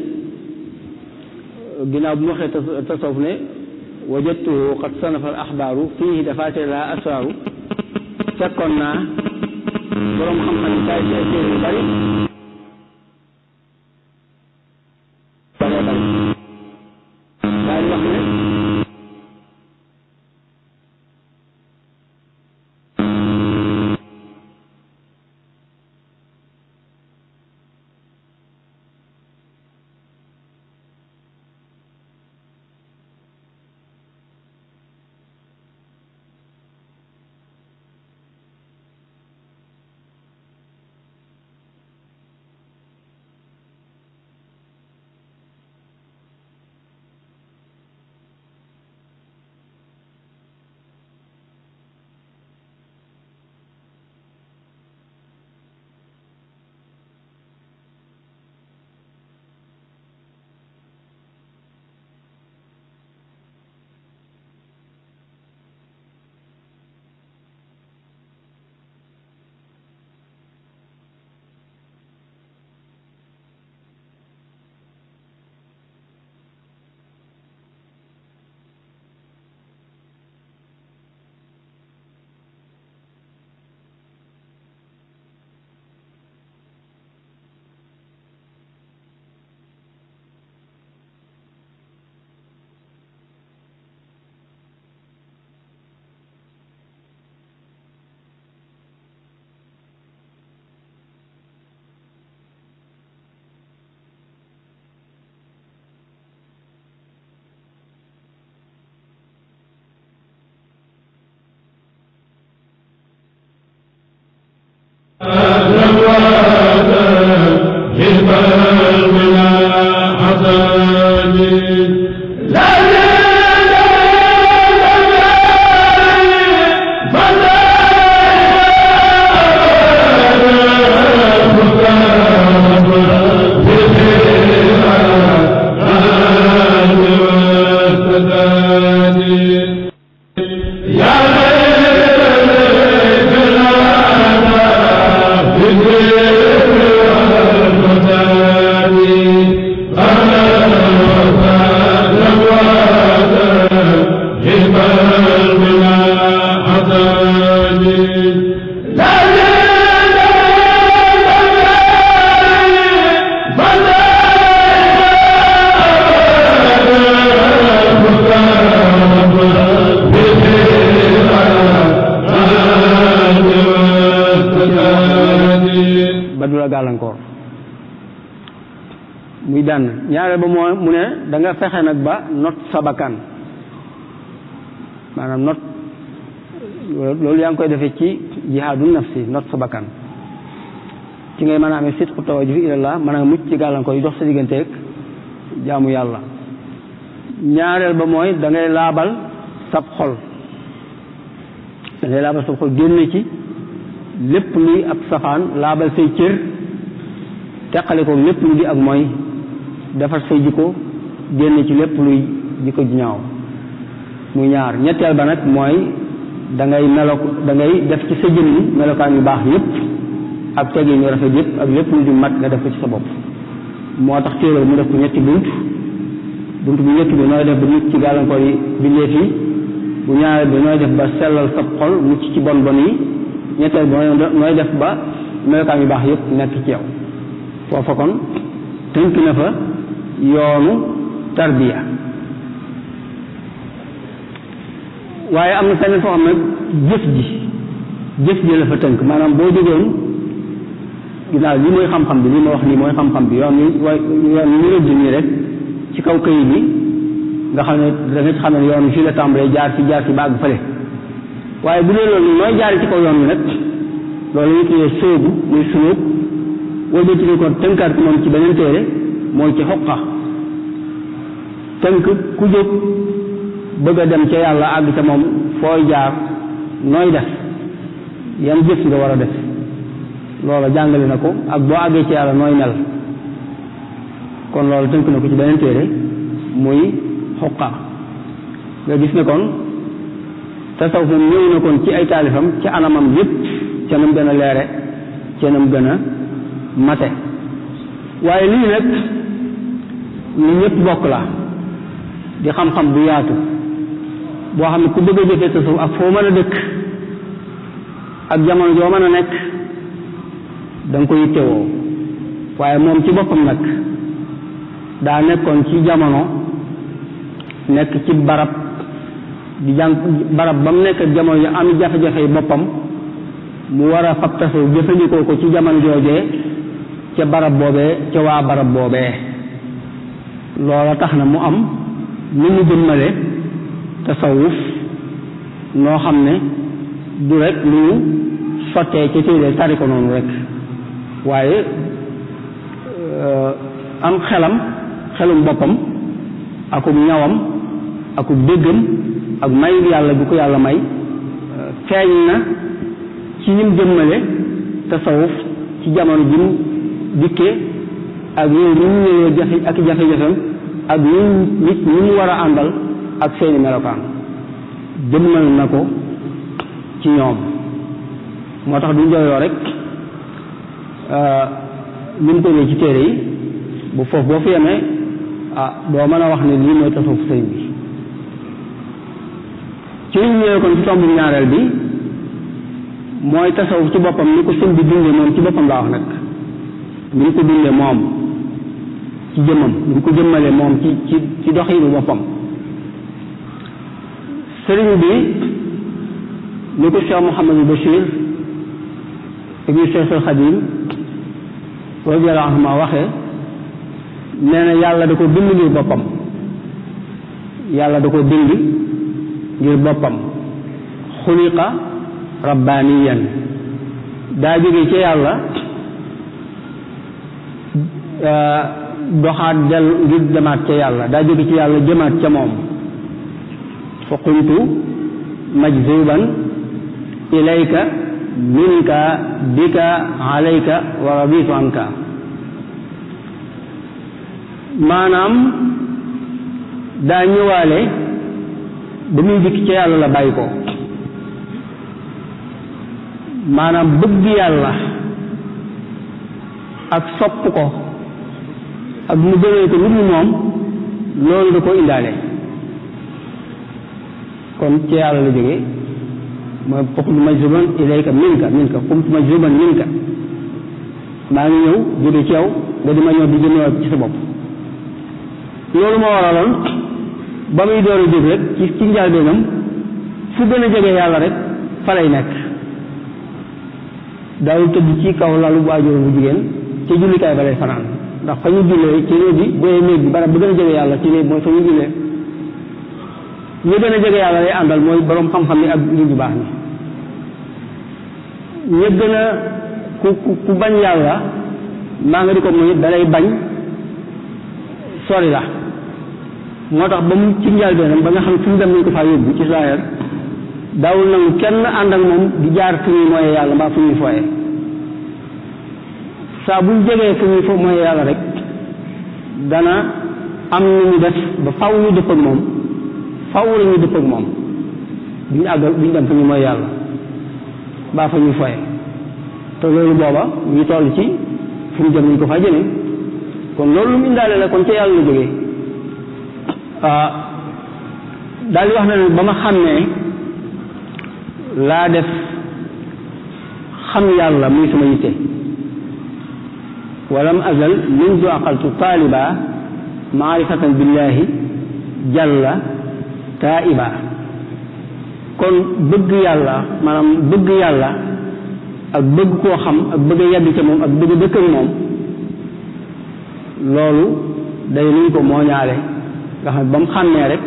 [SPEAKER 2] جناب بمخي تصوف وجدته قد صنف الأخبار فيه دفاتر لها أسرار شكرنا برم خمسة نتائج benn ñaareel ba moo mu ne da nga fexe nag ba not sa bakkan maanaam not loolu yaa ngi koy defe ci jihaadu nafsi not sa bakkan ci ngay mën a amee sit ku tawajjuh ilallah mën a mucc ci gàllankoor yi dox sa digganteeg jaamu yàlla ñaareel ba mooy dangay laabal sab xol da ngay laabal sab xol génn ci lépp luy ab safaan laabal say cër teqale ko lépp lu di ak mooy defar say jiko génn ci lépp luy jiko ju ñaaw muy ñaar ñetteel ba nag mooy da ngay melok da ngay def ci sa jëmmi melokaan yu baax yépp ak tegin yu rafet yépp ak lépp lu di mat nga def ko ci sa bopp moo tax téeral mu def ko ñetti bunt bunt bu ñett bi nooy def ba mucc ci gàllankoor yi bindee fi bu ñaareel bi nooy def ba sellal sa xol mucc ci bon bon yi ñetteel bi nooy def ba melokaan yu baax yépp nekk ci yow foofa kon tënk na fa yoonu tarbiya waaye am na feneen foo xam ne jëf ji jëf ji la fa tënk maanaam boo jógoon ginnaaw li mooy xam-xam bi li ma wax nii mooy xam-xam bi yoon wi wa yoon ñu rëdd nii rek ci kaw këyit bi nga xam ne da nga jaar ci jaar ci ba àgg fële waaye bu dee loolu nooy jaar ci kaw yoon wi nag loolu ñu tuddee sóobu muy sunóob wala ñu tuddee tënkaat moom ci beneen téere mooy ci xuqa tënk ku jóg bëgg a dem ca yàlla àgg ca moom fooy jaar nooy def yan jëf nga war a def loola jàngale na ko ak boo àggee ca yàlla nooy mel kon loolu tënk na ko ci beneen téere muy xuqa nga gis ne te tasawuf moom ñëw na kon ci ay taalifam ci anamam yépp ca nam gën a leere ca nam gën a mate waaye lii nag lu ñëpp bokk la di xam-xam bu yaatu boo xam ne ku bëgg a jëfee tasawuf ak foo mën a dëkk ak jamono joo mën a nekk danga nga ko yittewoo waaye moom ci boppam nag daa nekkoon ci jamono nekk ci barab di jàng barab ba mu nekk jamono yu am jafe-jafe yi boppam mu war a fab tasawuf jëfandikoo ko ci jamono joojee ca barab boobee ca waa barab boobee loola tax na mu am nu mu jëmmale tasawuf noo xam ne du rek lu ñu sottee ci téere tari noonu rek waaye euh, am xelam xelum boppam akum ñawam akum déggam ak mayu yàlla bu ko yàlla may euh, feeñ na ci ñim jëmmale tasawuf ci jamono ji mu dikkee ak yooyu ni mu ñëwee jafe ak jafe-jafem ak ñi nit ñi mu war a àndal ak seeni melokaan jëmmal na ko ci ñoom moo tax du jooyoo rek li euh, mu tëree ci téere yi bu foofu boo fi yemee ah doo mën a wax ni lii mooy tasawuf sëriñ bi ci liñ ñëwee kon ci tomb ñaareel bi mooy tasawuf ci boppam ni ko sëñ bi dundee moom ci boppam laa wax nag ni ko dundee moom ci jëmmam lu mu ko jëmmale moom ci ci ci doxinu boppam sëriñ bi ni ko Cheikh Mouhamadou Bachir ibnu Cheikh al nee na yàlla da ko bind ngir boppam yàlla da ko bind ngir boppam xuliqa rabbaniyan daa jóge ci yàlla doxaat del ngir demaat ca yàlla daa jóge ci yàlla jëmaat ca moom fa qumtu majzuban ilayka minka bika alayka maanaam daa ñëwaale ba muy dikk ca yàlla la bàyyi ko maanaam bëgg yàlla ak sopp ko ak mu gënee ko lu mu moom loolu da koo indaale kon ci yàlla la jógee mooy xumt majzuban ilayka minka minka xumt majzuban minka maa ngi ñëw jóge ci yow nga di ma ñëw di jëmewaat ci sa bopp loolu moo waraloon ba muy door jóg rek ci ci njëlbéenam fu gën a jege yàlla rek fa lay nekk daawul tëdd ci kaw lalu waajuram bu jigéen te jullikaay ba lay fanaan ndax fa ñu jullee ci néeg bi booyee néeg bi barab bu gën a jege yàlla ci néeg mooy fa ñu jullee ñu gën a jege yàlla lay àndal mooy boroom xam-xam ni ak nit ñu baax ni ñu gën a ku ku bañ yàlla maa nga di ko mooy dalay bañ sori la moo tax ba mu ci njëlbeenam ba nga xam fi dem nañ ko faa yóbbu ci saayar daawul nangu kenn ànd ak moom di jaar fu ñuy mooyee yàlla mbaa fu ñuy fooyee saa bu jegee ku ñuy fa mooy yàlla rek dana am nu ñu def ba faw ñu dëpp ak moom faw la ñuy dëpp ak moom duñu àggal duñu dem fa ñu mooy yàlla baa fa ñuy te loolu booba ñu toll ci fu ñu jëm ñu ko fa jëme kon loolu lu mu indaale la kon ca yàlla la jógee ah, daal wax na ne ba ma xàmmee laa def xam yàlla muy sama yitte walam azal منذ أقلت طالبا معرفة بالله جل تائبا kon bëgg yàlla maanaam bëgg yàlla ak bëgg koo xam ak bëgg yàgg ca moom ak bëgg dëkk ak moom loolu day nuñ ko moo ñaale nga xam ba mu xàmmee rekk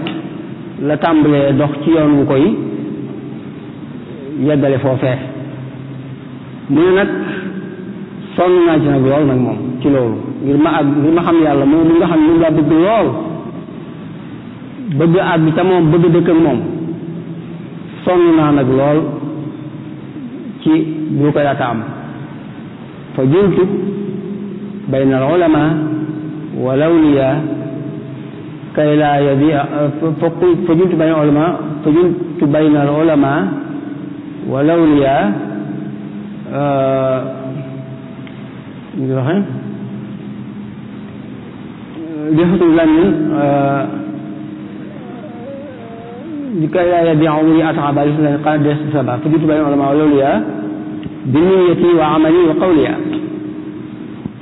[SPEAKER 2] la tàmbalee dox ci yoon koy yeggale foofee mu ne nag sonn naa ci nag lool nag moom ci loolu ngir ma àgg ngir ma xam yàlla moom li nga xam ne moom laa bëgg lool bëgg àgg ca moom bëgg dëkk ak moom sonn naa nag lool ci lu ko yaata am fa jultu bayna al ulama wal awliya kay laa yabia fa fa jultu bayna al ulama fa jultu bayna al ulama wal awliya di waxee jeexatul làmmiñ dikka yaaya bi amri ataba yi lan qala des saba fi jitu bayan ulama loolu yaa bi niyyati wa amali wa qawli yaa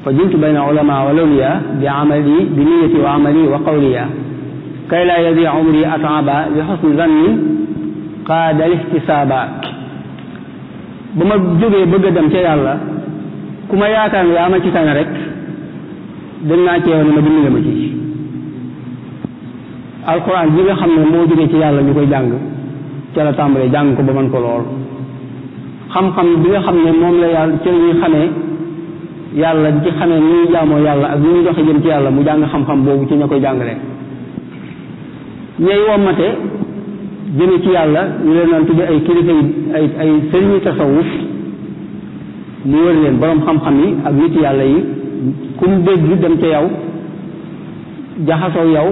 [SPEAKER 2] فجلت بين علماء ولولياء بعملي بنية وعملي وقولي كي لا يبيع عمري أتعبا لحسن ظني قاد الاحتسابا بما جوغي الله ku ma yaakaar ne yaa ma ci tane rek dem naa ci yow ne ma dimbali ma ci alxuraan bi nga xam ne moo jógee ci yàlla ñu koy jàng ca la tàmbalee jàng ko ba mën ko lool xam-xam bi nga xam ne moom la yàlla ci ñuy yàlla ci xamee ñuy jaamoo yàlla ak ñuy joxe jëm ci yàlla mu jàng xam-xam boobu ci ña koy jàngale ñey wommate jëme ci yàlla ñu leen naan ay kilifa ay ay tasawuf mu wër leen boroom xam-xam yi ak nit yàlla yi ku mu dégg dem ca yow jaxasoo yow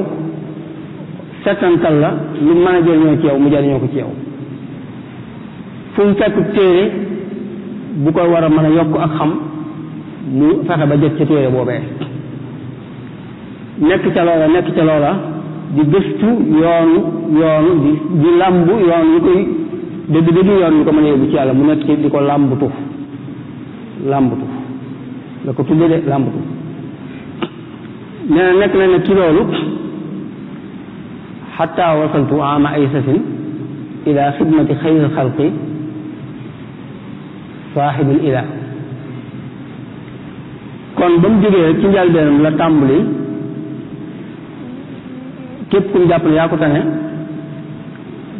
[SPEAKER 2] settantal la lu mën a jëriñoo ci yow mu jëriñoo ko ci yow fu mu fekk téere bu ko war a mën a yokk ak xam mu fexe ba jot ca téere boobee nekk ca loola nekk ca loola di gëstu yoonu yoonu di di làmb yoon yu koy dëgg dëgg yoon yu ko mën a yóbbu ci yàlla mu nekk ci di ko làmbtu làmbatu la ko tuddee de làmbatu nee nekk na ne ci loolu xataa wasaltu ama ay sasin ila xidmati xayril xalqi kon ba mu jógee ci njëlbeenam la tàmbali képp ku mu jàpp ne yaa ko tane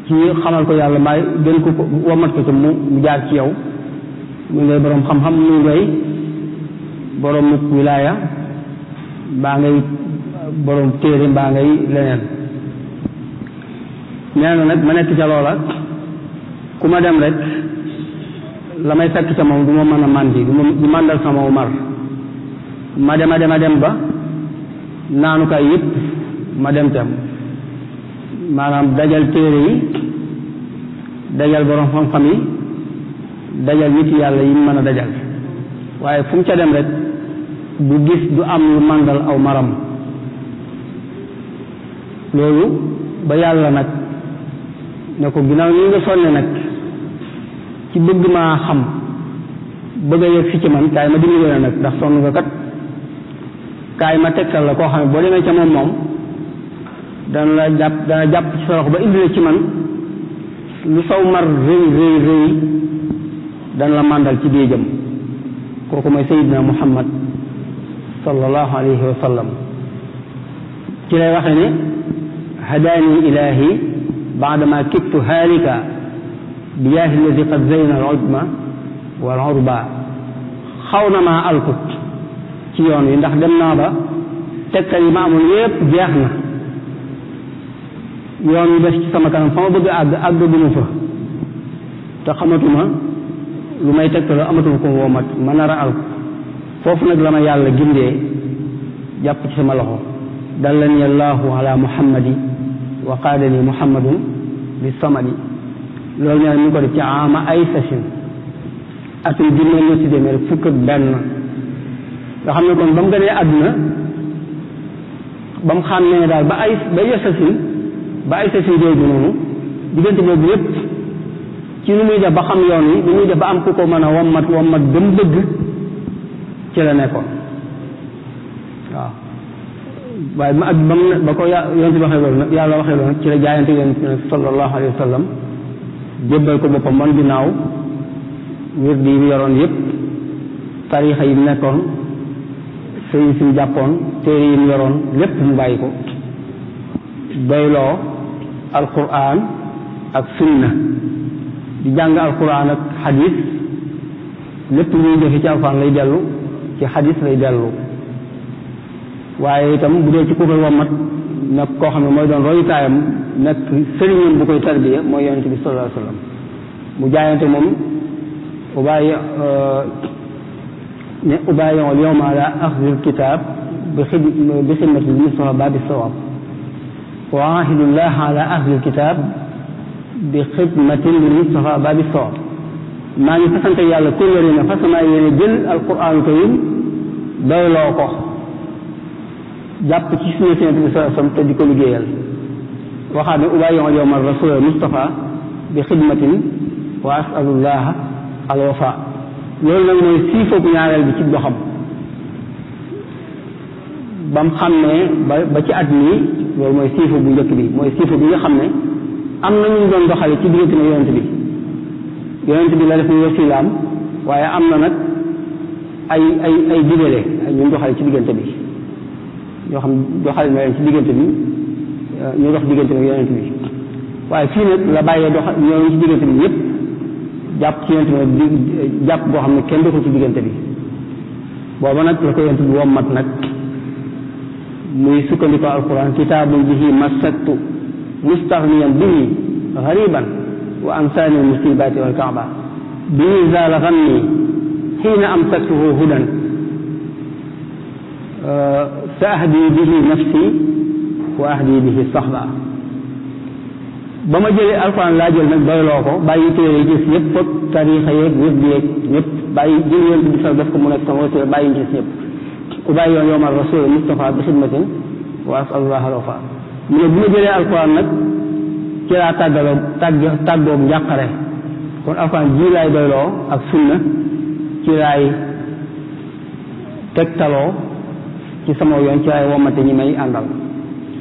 [SPEAKER 2] ci xamal ko yàlla maay gën ko ko womat ko ci mu jaar ci yow muy ngay boroom xam-xam muy ngay boroom mukk wilaaya baa ngay boroom téere mbaa ngay leneen nee nag ma nekk ca loola ku ma dem rek la may fekk ca moom du ma mën a màndi du ma du màndal sama mar ma dem a dem a dem ba naanukaay yëpp ma dem tam maanaam dajal téere yi dajal boroom xam-xam yi dajal nit yàlla yi mën a dajal waaye fu mu ca dem rek du gis du am lu màndal aw maram loolu ba yàlla nag ne ko ginnaaw ñi nga sonne nag ci bëgg maa xam bëgg a yegg ci man kaay ma dimbali la nag ndax sonn nga kat kaay ma tegtal la koo xam ne boo demee ca moom moom dana la jàpp dana jàpp ci sa ba indi la ci man lu saw mar rëy rëy rëy dana la màndal ci géejam kooku mooy sayidna muhammad sallallahu alayhi wa sallam ci lay waxe ne hadani ilahi بعدما كدت هالكا بجاه الذي قد زين العدم والعربى xawna ma alkut ci yoon wi ndax dem naa ba tegtal yi ma amul yépp jeex na yoon wi des ci sama kanam fa ma bëgg àgg àgg bu fa te xamatuma lu may tegtaloo amatul ko woomat ma nar a foofu nag la ma yàlla gindee jàpp ci sama loxo dallani allahu ala muhammadi wa qaadani muhammadun bi samadi loolu nee na mu ngi ko def ci ama ay sasin atum junne ñoo si demee fukk ak benn nga xam ne kon ba mu gënee àdduna ba mu xam ne daal ba ay ba ay sasin ba ay sasin jooju noonu diggante boobu yépp ci nu muy def ba xam yoon wi nu muy def ba am ku ko mën a wommat wommat ba mu bëgg ci la nekkoon waaw waaye ma ak ba mu ne ba ko yoon si waxee loolu nag yàlla waxee loolu nag ci la jaayante yoon si sallallahu alayhi wa ko boppam man ginnaaw wér di yi yi nekkoon sëriñ si jàppoon téere yi mu yoroon lépp mu bàyyi ko doyloo alquran ak sunna di jàng alquran ak xadis lépp lu ñuy jëfe ci alquran lay dellu ci xadis lay dellu waaye itam bu dee ci ku koy wommat nekk koo xam ne mooy doon royukaayam nekk sëriñam bu koy tarbiya mooy yonente bi sallallahu alayhi wasallam mu jaayante moom ubaayi ne ubaayi al yawma ala axdi alkitab bi xidmati bi mustafa babi sawab wa ahidu llah ala ahli alkitab bi xidmatin li Mustafa Babi Sow maa ngi fasante yàlla kóllëre ne fas naa yéene jël alquraanu karim doyloo ko jàpp ci suñu Yonent bi sallallahu alayhi wa sallam te di ko liggéeyal waxaat ne ubaayi'u yawma rasuula Mustafa bi xidmatin wa as'alullaha alwafa loolu nag mooy siifoog ñaareel bi ci doxam ba mu xam ne ba ba ci at mi mooy siifoog bu njëkk bi mooy siifoog bi nga xam ne am na ñu doon doxale ci diggante ne yonent bi yonent bi la def muy wasilaam waaye am na nag ay ay ay digale ay ñu doxale ci diggante bi ñoo xam doxale na diggante bi euh, ñu dox diggante bi yonent bi waaye fii nag la bàyyee dox ñooñu ci diggante bi yépp jàpp ci yonent bi nag jàpp boo xam ne kenn doxul ci diggante bi booba nag la ko yonent bi wommat nag muy sukkandikoo alquran kitaabun bihi masaktu مستغنيا به غريبا وأمثال المصيبات والكعبة به زال غني حين أمسكته هدى آه، سأهدي به نفسي وأهدي به الصحبة بما جري القرآن لا جل من باي لوكو باي تيري جيس يب تاريخ يب ويب يب باي جري يب بسر بسكم ونكتم ويسر باي جيس يب وباي يوم الرسول المصطفى بخدمة وأسأل الله الوفاق mu ne bu ma jëlee alxuraan nag ci laa tàggaloo tàgg tàggoog njàqare kon alxuraan ji laay doyloo ak sunna ci laay tegtaloo ci sama yoon ci laay womante ñi may àndal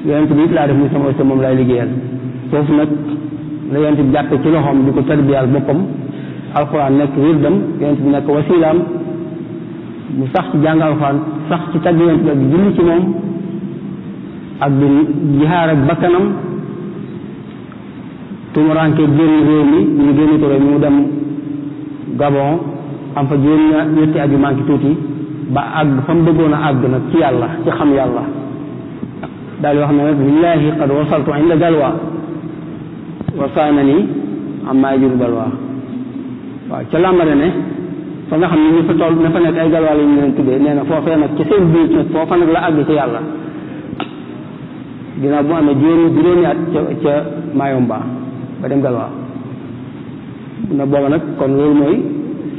[SPEAKER 2] yonent bi it laa def muy sama te moom laay liggéeyal foofu nag la yonent bi jàppe ci loxoom di ko tarbiyaal boppam alxuraan nekk wirdam yonent bi nekk wasilaam mu sax ci jàng alxuraan sax ci tagg yonent bi ak julli ci moom ak di jihaar ak bakkanam tumuranke génn réew mi ñu génn ko mu dem Gabon am fa juróom ñetti at tuuti ba àgg fa mu bëggoon a àgg nag ci yàlla ci xam yàlla daal wax ne nag lillahi qad wasaltu inda galwa wasaana am maa juru galwa waaw ca làmbare ne fa nga xam ne ñu fa toll ne fa nekk ay galwa la ñu leen tuddee nee na foofee nag ci seen biir nag foofa nag la àgg ci yàlla ginnaaw bu mu amee juróomi juróomi at ca Mayomba ba dem Galwa na booba nag kon loolu mooy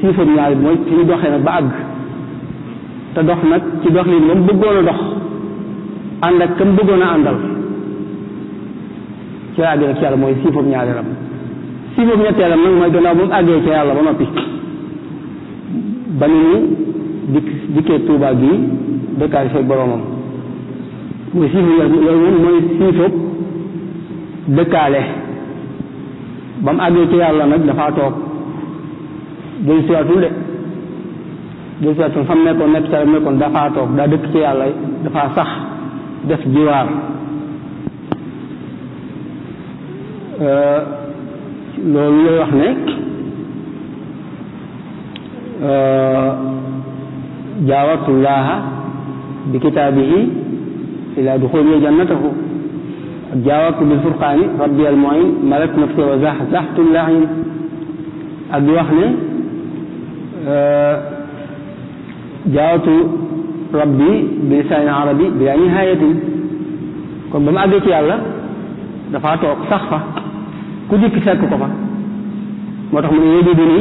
[SPEAKER 2] siifam ñaar bi mooy ci ñu doxee nag ba àgg dox nag ci dox lii moom bëggoon a àndal ci mooy siifam ñaareelam siifam ñetteelam gannaaw ba mu àggee ca yàlla ba noppi ba nu ñu dikk dikkee Tuubaa gi dëkkaat fay boroomam mooy siifu yooyu moom mooy siifu dëkkaale ba mu àggee ci yàlla nag dafa toog del siwaatul de del siwaatul fam nekkoon nekk ca nekkoon dafa toog daa dëkk ci yàlla dafa sax def jiwaar euh, loolu lay wax ne euh, jaawatullaaha bi kitaabihi إلى دخول جنته جاوبت بالفرقان ربي المعين ملك نفسي وزاح تحت اللعين أبي وحني آه، جاوبت ربي بلسان عربي بلا نهاية كون بما أدرك يا الله دفعت سخفة كجي كسر كفا مرحمة يجدني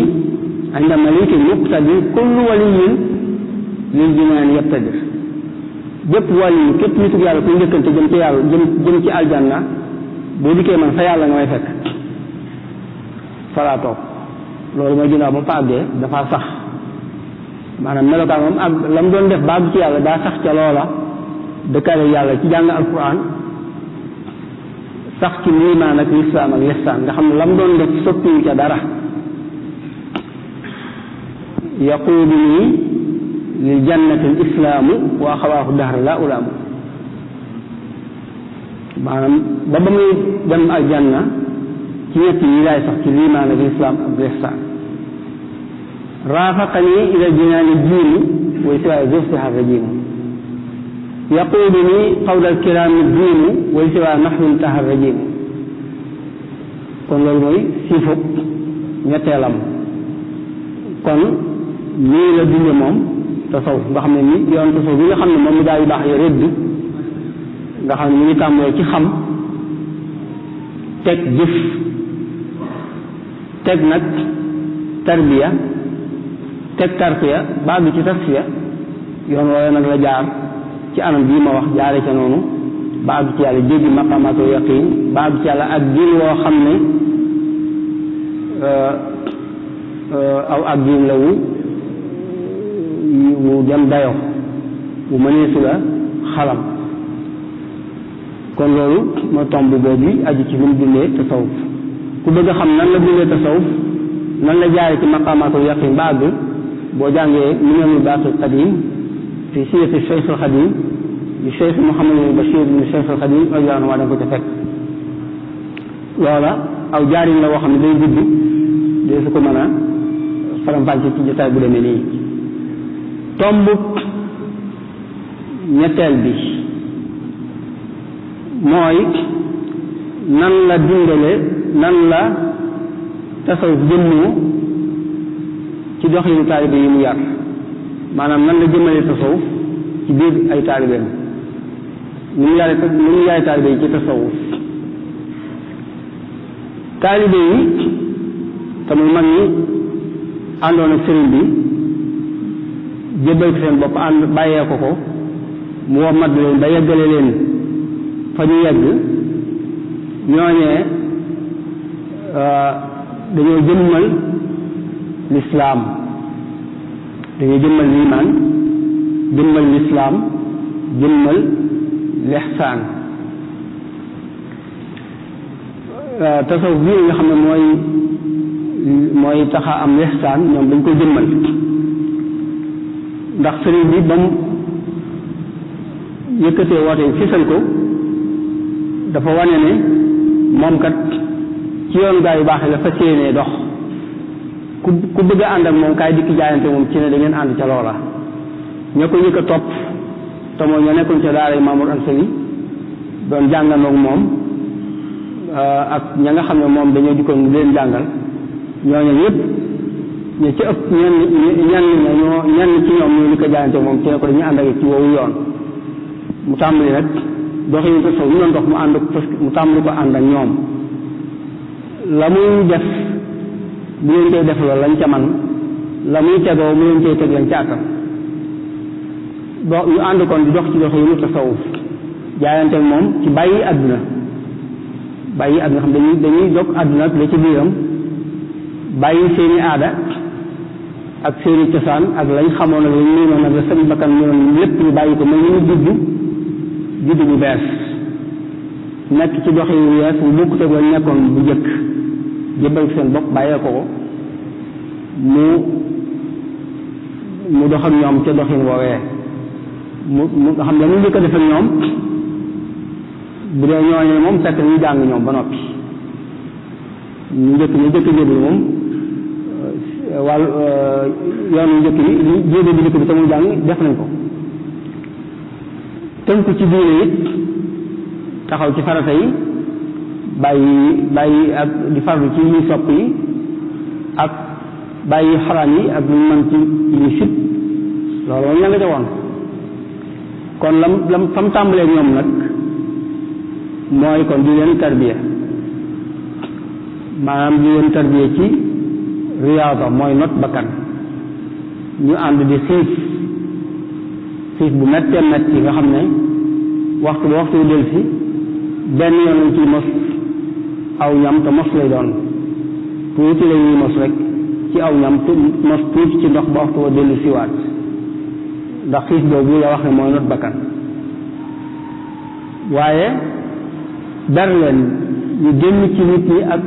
[SPEAKER 2] عند مليك مقتدر كل ولي للجنان يقتدر bépp wàllu képp nitu yàlla kuy njëkkante jëm ci yàlla jëm jëm ci aljanna boo dikkee man fa yàlla nga may fekk falaa loolu mooy ginnaaw ba mu fa àggee dafa sax maanaam melokaan moom ak la mu doon def ba àgg ci yàlla daa sax ca loola dëkkaale yàlla ci jàng alquran sax ci liimaan ak lislaam ak lihsaan nga xam ne la mu doon def soppiwu ca dara yaquudu nii li jannati l islaamu wa axawaahu dahra la ulaamu maanaam ba ba muy dem aljanna ci ñett yi laay sax ci liimaan ak lislaam ak lihsaan raafaqani ila jinaani jiimu way siwaay zuftiha rajimu yaquduni qawla alkiraami diimu way siwaa naxwin taha rajimu kon loolu mooy siifu ñetteelam kon nii la dunde moom tasawuf nga xam ne ni yoon tasawuf bi nga xam ne moom mi daa yu baax yi rëdd nga ci xam teg jëf teg nag tarbiya teg tarfiya bàgg ci tasfiya yoon woowe nag la jaar ci anam bii ma wax jaare ca noonu bàgg ci yàlla jéggi maqamaatu yaqin bàgg ci yàlla ak gin woo xam ne euh, euh, aw ak gin la wu wu dem dayo bu mëneesu la xalam kon loolu ma tomb boobu yi aju ci lu mu bindee tasawuf ku bëgg xam nan la bindee tasawuf nan la jaare ci maqaamaatul yaqin ba àgg boo jàngee minanul baaqil qadim fi siyati cheikh al xadim di cheikh Mouhamadul Bachir ibn cheikh al xadim radiyallahu anhu ko ca fekk loola aw jaarin la woo xam ne day gudd dee su ko mën a ci jotaay bu demee nii tomb ñetteel bi mooy nan la dundale nan la tasawuf jëmmoo ci doxinu taalibe yi mu yar maanaam nan la jëmmalee tasawuf ci biir ay taalibeem ni mu yare ni mu yare taalibe yi ci tasawuf taalibe yi te muy mag ñi àndoon ak sëriñ bi jébbal ko seen bopp ànd bàyyee ko ko mu wommat leen ba yeggale leen fa ñu yegg ñooñee euh, dañoo jëmmal lislaam dañoo jëmmal liimaan jëmmal lislaam jëmmal lixsaan euh, tasawuf bii nga xam ne mooy mooy taxa am lixsaan ñoom dañ ko jëmmal ndax sëriñ bi ba mu yëkkatee woote fisal ko dafa wane ne moom kat ci yoon gaa yu baax la fas yéenee dox ku ku bëgg ànd ak moom kaay dikk jaayante moom ci ne da ngeen ànd ca loola ña ko ñëkk topp te mooy ñoo nekkoon ca daara Maamur Ansawi doon jànganoog moom euh, ak ña nga xam ne moom dañoo jikkoon leen jàngal ñooñu yépp ñu ci ëpp ñenn ñenn ña ñoo ñenn ci ñoom ñoo li ko jaayante moom te ko dañuy ànd ak ci woowu yoon mu tàmbali nag dox mu ànd parce que ànd ak ñoom def lañ ca man la muy tegoo mu leen ñu ànd kon di dox ci doxinu tasawuf jaayante moom ci bàyyi àdduna bàyyi àdduna xam dañuy dog àdduna ak la ci biiram bàyyi seeni aada ak seeni cosaan ak lañ xamoon ak lañ miinoon ak la seen bakkan miinoon lépp ñu bàyyi ko mel ni ñu judd judd bu bees nekk ci dox yu bu bokkut ak lañ nekkoon bu jëkk jëbbal seen bopp bàyyee ko ko mu mu dox ak ñoom ca doxin woowee mu mu nga xam la ñoom bu dee ñooñee moom fekk ñu jàng ñoom ba noppi ñu njëkk ñu njëkk jëblu moom wàllu euh, yoonu njëkk yi li jéego bi njëkk bi te jàng def nañ ko tënku ci diine it taxaw ci farata yi bàyyi bàyyi ak di farlu ci ñuy sopp yi ak bàyyi xaraam yi ak lu mën ci ñu sit loolu moom ña nga ca woon kon lam lam fam tàmbalee ñoom nag mooy kon di leen tarbiya maanaam di leen tarbiya ci riyaada mooy not bakkan ñu ànd di xiif xiif bu mettee metti nga xam ne waxtu ba waxtu del si benn yoon lañ ciy mos aw ñam te mos lay doon tuuti la mos rek ci aw ñam mos tuuti ci ndox ba waxtu ba dellu siwaat ndax xiif boobu la wax ne mooy not bakkan waaye ber ñu génn ci nit ñi ak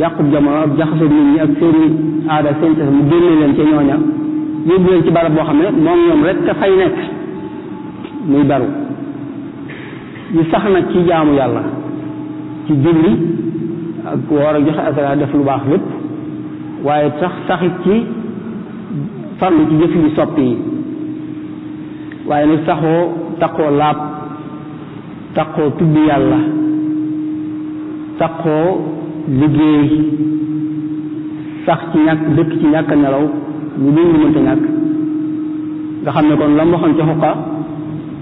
[SPEAKER 2] yàqub jamono ak jaxasoo nit ñi ak seeni aada seen tax mu génne leen ca ñooña yóbbu leen ci barab boo xam ne moom ñoom rek ka fay nekk muy daru ñu sax nag ci jaamu yàlla ci julli ak woor ak joxe asaka def lu baax lépp waaye sax saxit ci farlu ci jëf yi soppi yi waaye nag saxoo taqoo laab taqoo tudd yàlla taqoo liggéey sax ci ñàkk dëkk ci ñàkk nelaw ñu dul lu mënta ñàkk nga xam ne kon lam waxoon ca xuqa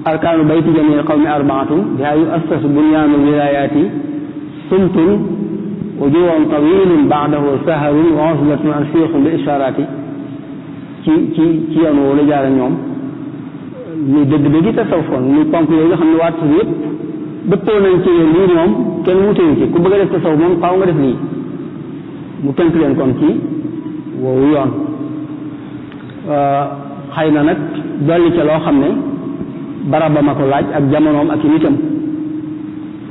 [SPEAKER 2] arkaanu bayti jamil qawmi arbaatun biha yu assasu bunyaanu wilayaati sumtun wa juwon tawilun baadahu saharun wa usbatun an fiixu bi isharaati ci ci ci yoon woowu dëgg-dëgg tasawufoon muy ponk yooyu nga xam ne waatu yëpp dëppoo nañ ci ne lii moom kenn wutewu ci ku bëgg a def tasaw moom faaw nga def lii mu tënk leen kon ci woowu yoon euh, xëy na nag dolli ca loo xam ne barabam a ko laaj ak jamonoom ak i nitam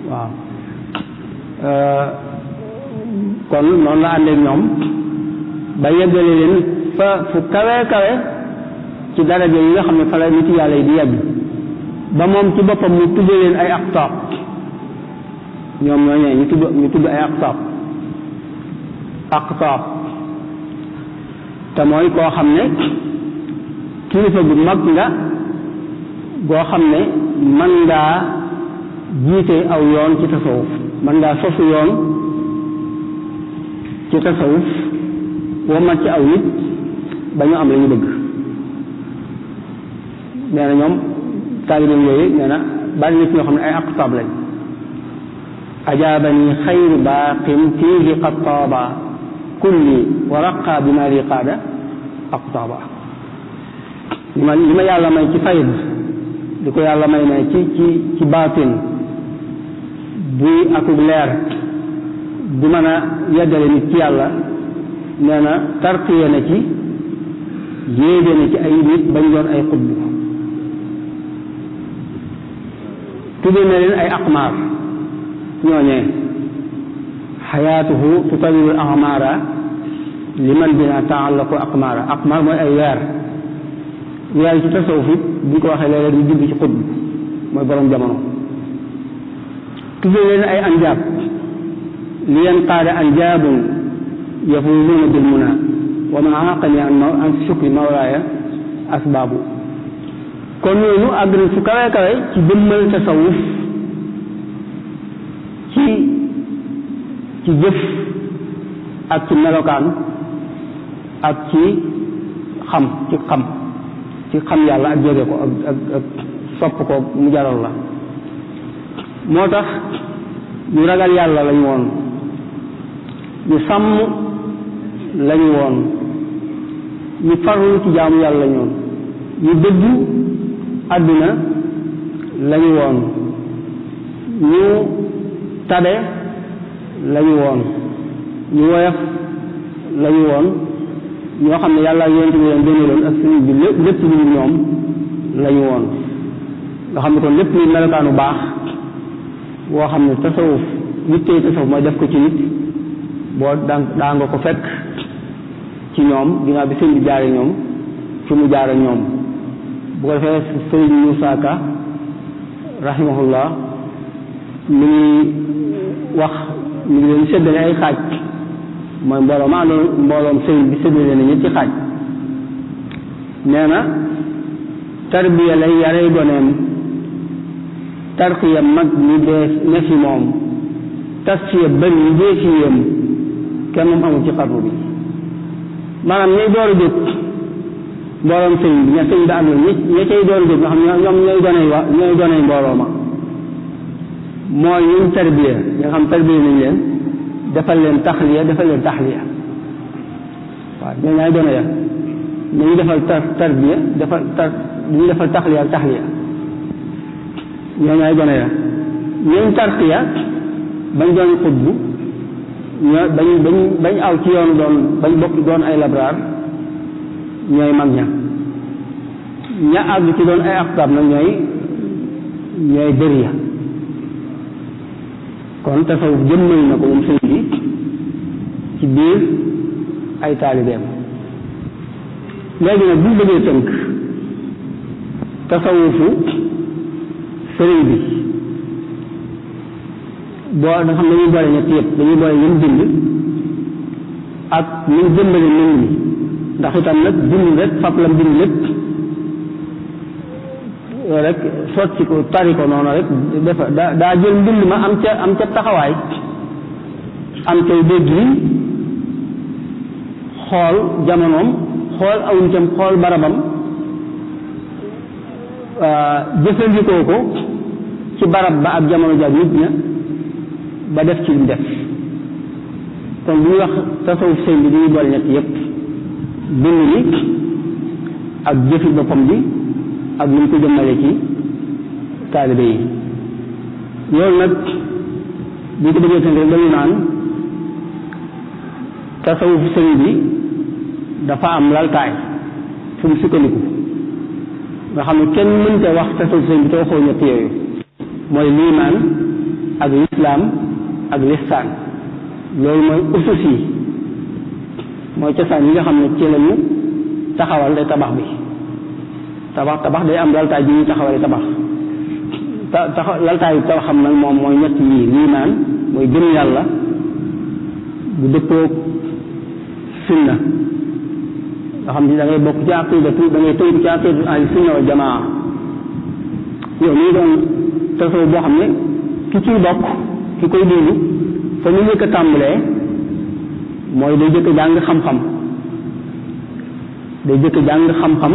[SPEAKER 2] waaw euh, kon noonu la àndeek ñoom ba yeggale leen fa fu kawe kawe ci daraja yi nga xam ne fa la nit yàlla yi di yegg ba moom ci boppam mu tudde leen ay aqtaab ñoom ñoo ñee ñu tudd ñu tudd ay aqtaab te mooy koo xam ne kilifa gu mag nga goo xam ne mën ngaa jiite aw yoon ci tasawuf mën ngaa sosu yoon ci tasawuf womat ci aw nit ba ñu am lañu ñu bëgg nee na ñoom taalibeem yooyu nee na bari na ci ñoo xam ne ay aqtaab lañ ajaabani xayru baaqin tiihi qattaaba kulli bi ma li qaada aqtaaba li ma li ma yàlla may ci fayd di ko yàlla may ne ci ci ci baatin buy akub leer bu mën a yeddale nit ci yàlla nee na tartiye na ci yéege na ci ay nit bañ ay xutbu تدين لنا أي أقمار يعني حياته تطلب الأقمار لمن بها تعلق أقمار أقمار من أيار يار يار بك وخلال يجب بك قد ما يبرم جمعه تدين أن أي لأن قال أنجاب يفوزون بالمنى ومن عاقل عن شكر مولاي أسبابه kon ñooñu àgg nañ fu kawe kawe ci jëmmal tasawuf ci ci jëf ak ci melokaan ak ci xam ci xam ci xam yàlla ak jege ko ak ak sopp ko mu jaral la moo tax ñu ragal yàlla lañu woon ñu sàmm lañu woon ñu farlu ci jaamu yàlla lañu ñu dëggu àdduna lañu woon ñu tabe lañu woon ñu woyof lañu woon ñoo xam ne yàlla yonent bi leen gënaloon ak sëriñ bi lépp lépp lu ñoom lañu woon nga xam ne kon lépp luy melokaanu baax woo xam ne tasawuf yittey tasawuf mooy def ko ci nit boo daan daa nga ko fekk ci ñoom ginnaaw bi sëñ bi jaare ñoom fi mu jaare ñoom bu ko defee sëriñ Moussa Ka rahimahullah mi ngi wax mi ngi leen séddale ay xaaj mooy mbooloo ma àndoon mbooloom sëriñ bi séddale na ñetti xaaj nee na tarbiya lay yarey goneem tarqiya mag mi dee ne fi moom tasfiya bëri yi dee fi yéem kenn moom amul ci xarnu bi maanaam ñuy door a jóg mbooloom sëñ bi ña sëñ bi am ña ña cay doon jóg nga xam ñoom ñooy doonay wa ñooy doonay mbooloo ma mooy ñun tarbiya nga xam tarbiya nañ leen defal leen taxliya defal leen taxliya waaw ñoo ñaay doona ya nañu defal tar tarbiya defal tar ñu defal taxliya ak taxliya ñoo ñaay doona ya ñun tarqiya bañ doon xutbu ñoo bañ bañ bañ aw ci yoonu doon bañ bokk doon ay labraar ñooy mag ña ña àgg ci doon ay aqtaab nag ñooy ñooy dëriya kon tasawuf jëmmal na ko moom sëñ bi ci biir ay taalibeem léegi nag bu bëggee tënk tasawufu sëriñ bi boo da xam dañuy boole ñett yëpp dañuy boole yëm bind ak ñu jëmbale mbind mi ndax itam nag bind rek fab la bind lépp rek sotti ko tari noonu rek dafa daa jël mbind ma am ca am ca taxawaay am cay dégg xool jamonoom xool aw nitam xool barabam euh, jëfandikoo ko ci barab ba jamono jaag nit ña ba def ci lu def kon bu wax tasawuf sëñ bi dañuy boole ñett yépp bind nit ak jëfi boppam bi ak lu mu ko jëmmale ci taalibe yi loolu nag bu ñu ko bëggee tënk rek dañu naan tasawuf bi dafa am laltaay fu mu sukkandiku nga xam ne kenn mënta wax tasawuf sëriñ bi te waxoo ñett yooyu mooy liimaan ak lislaam ak lihsaan loolu mooy usus mooy cosaan yi nga xam ne ci lañu taxawal de tabax bi tabax tabax day am laltaay bi ñuy taxawale tabax ta taxa laltaayu tabaxam nag moom mooy ñett yi liimaan mooy gëm yàlla bu dëppoog sunna nga xam ne da ngay bokk ci aqidatu da ngay tënk ci aqidatu ahli sunna wal jamaa yow li ñu doon tasoo boo xam ne ki ciy bokk ki koy dund fa mu njëkk a mooy day jëkk jàng xam-xam day jëkk jàng xam-xam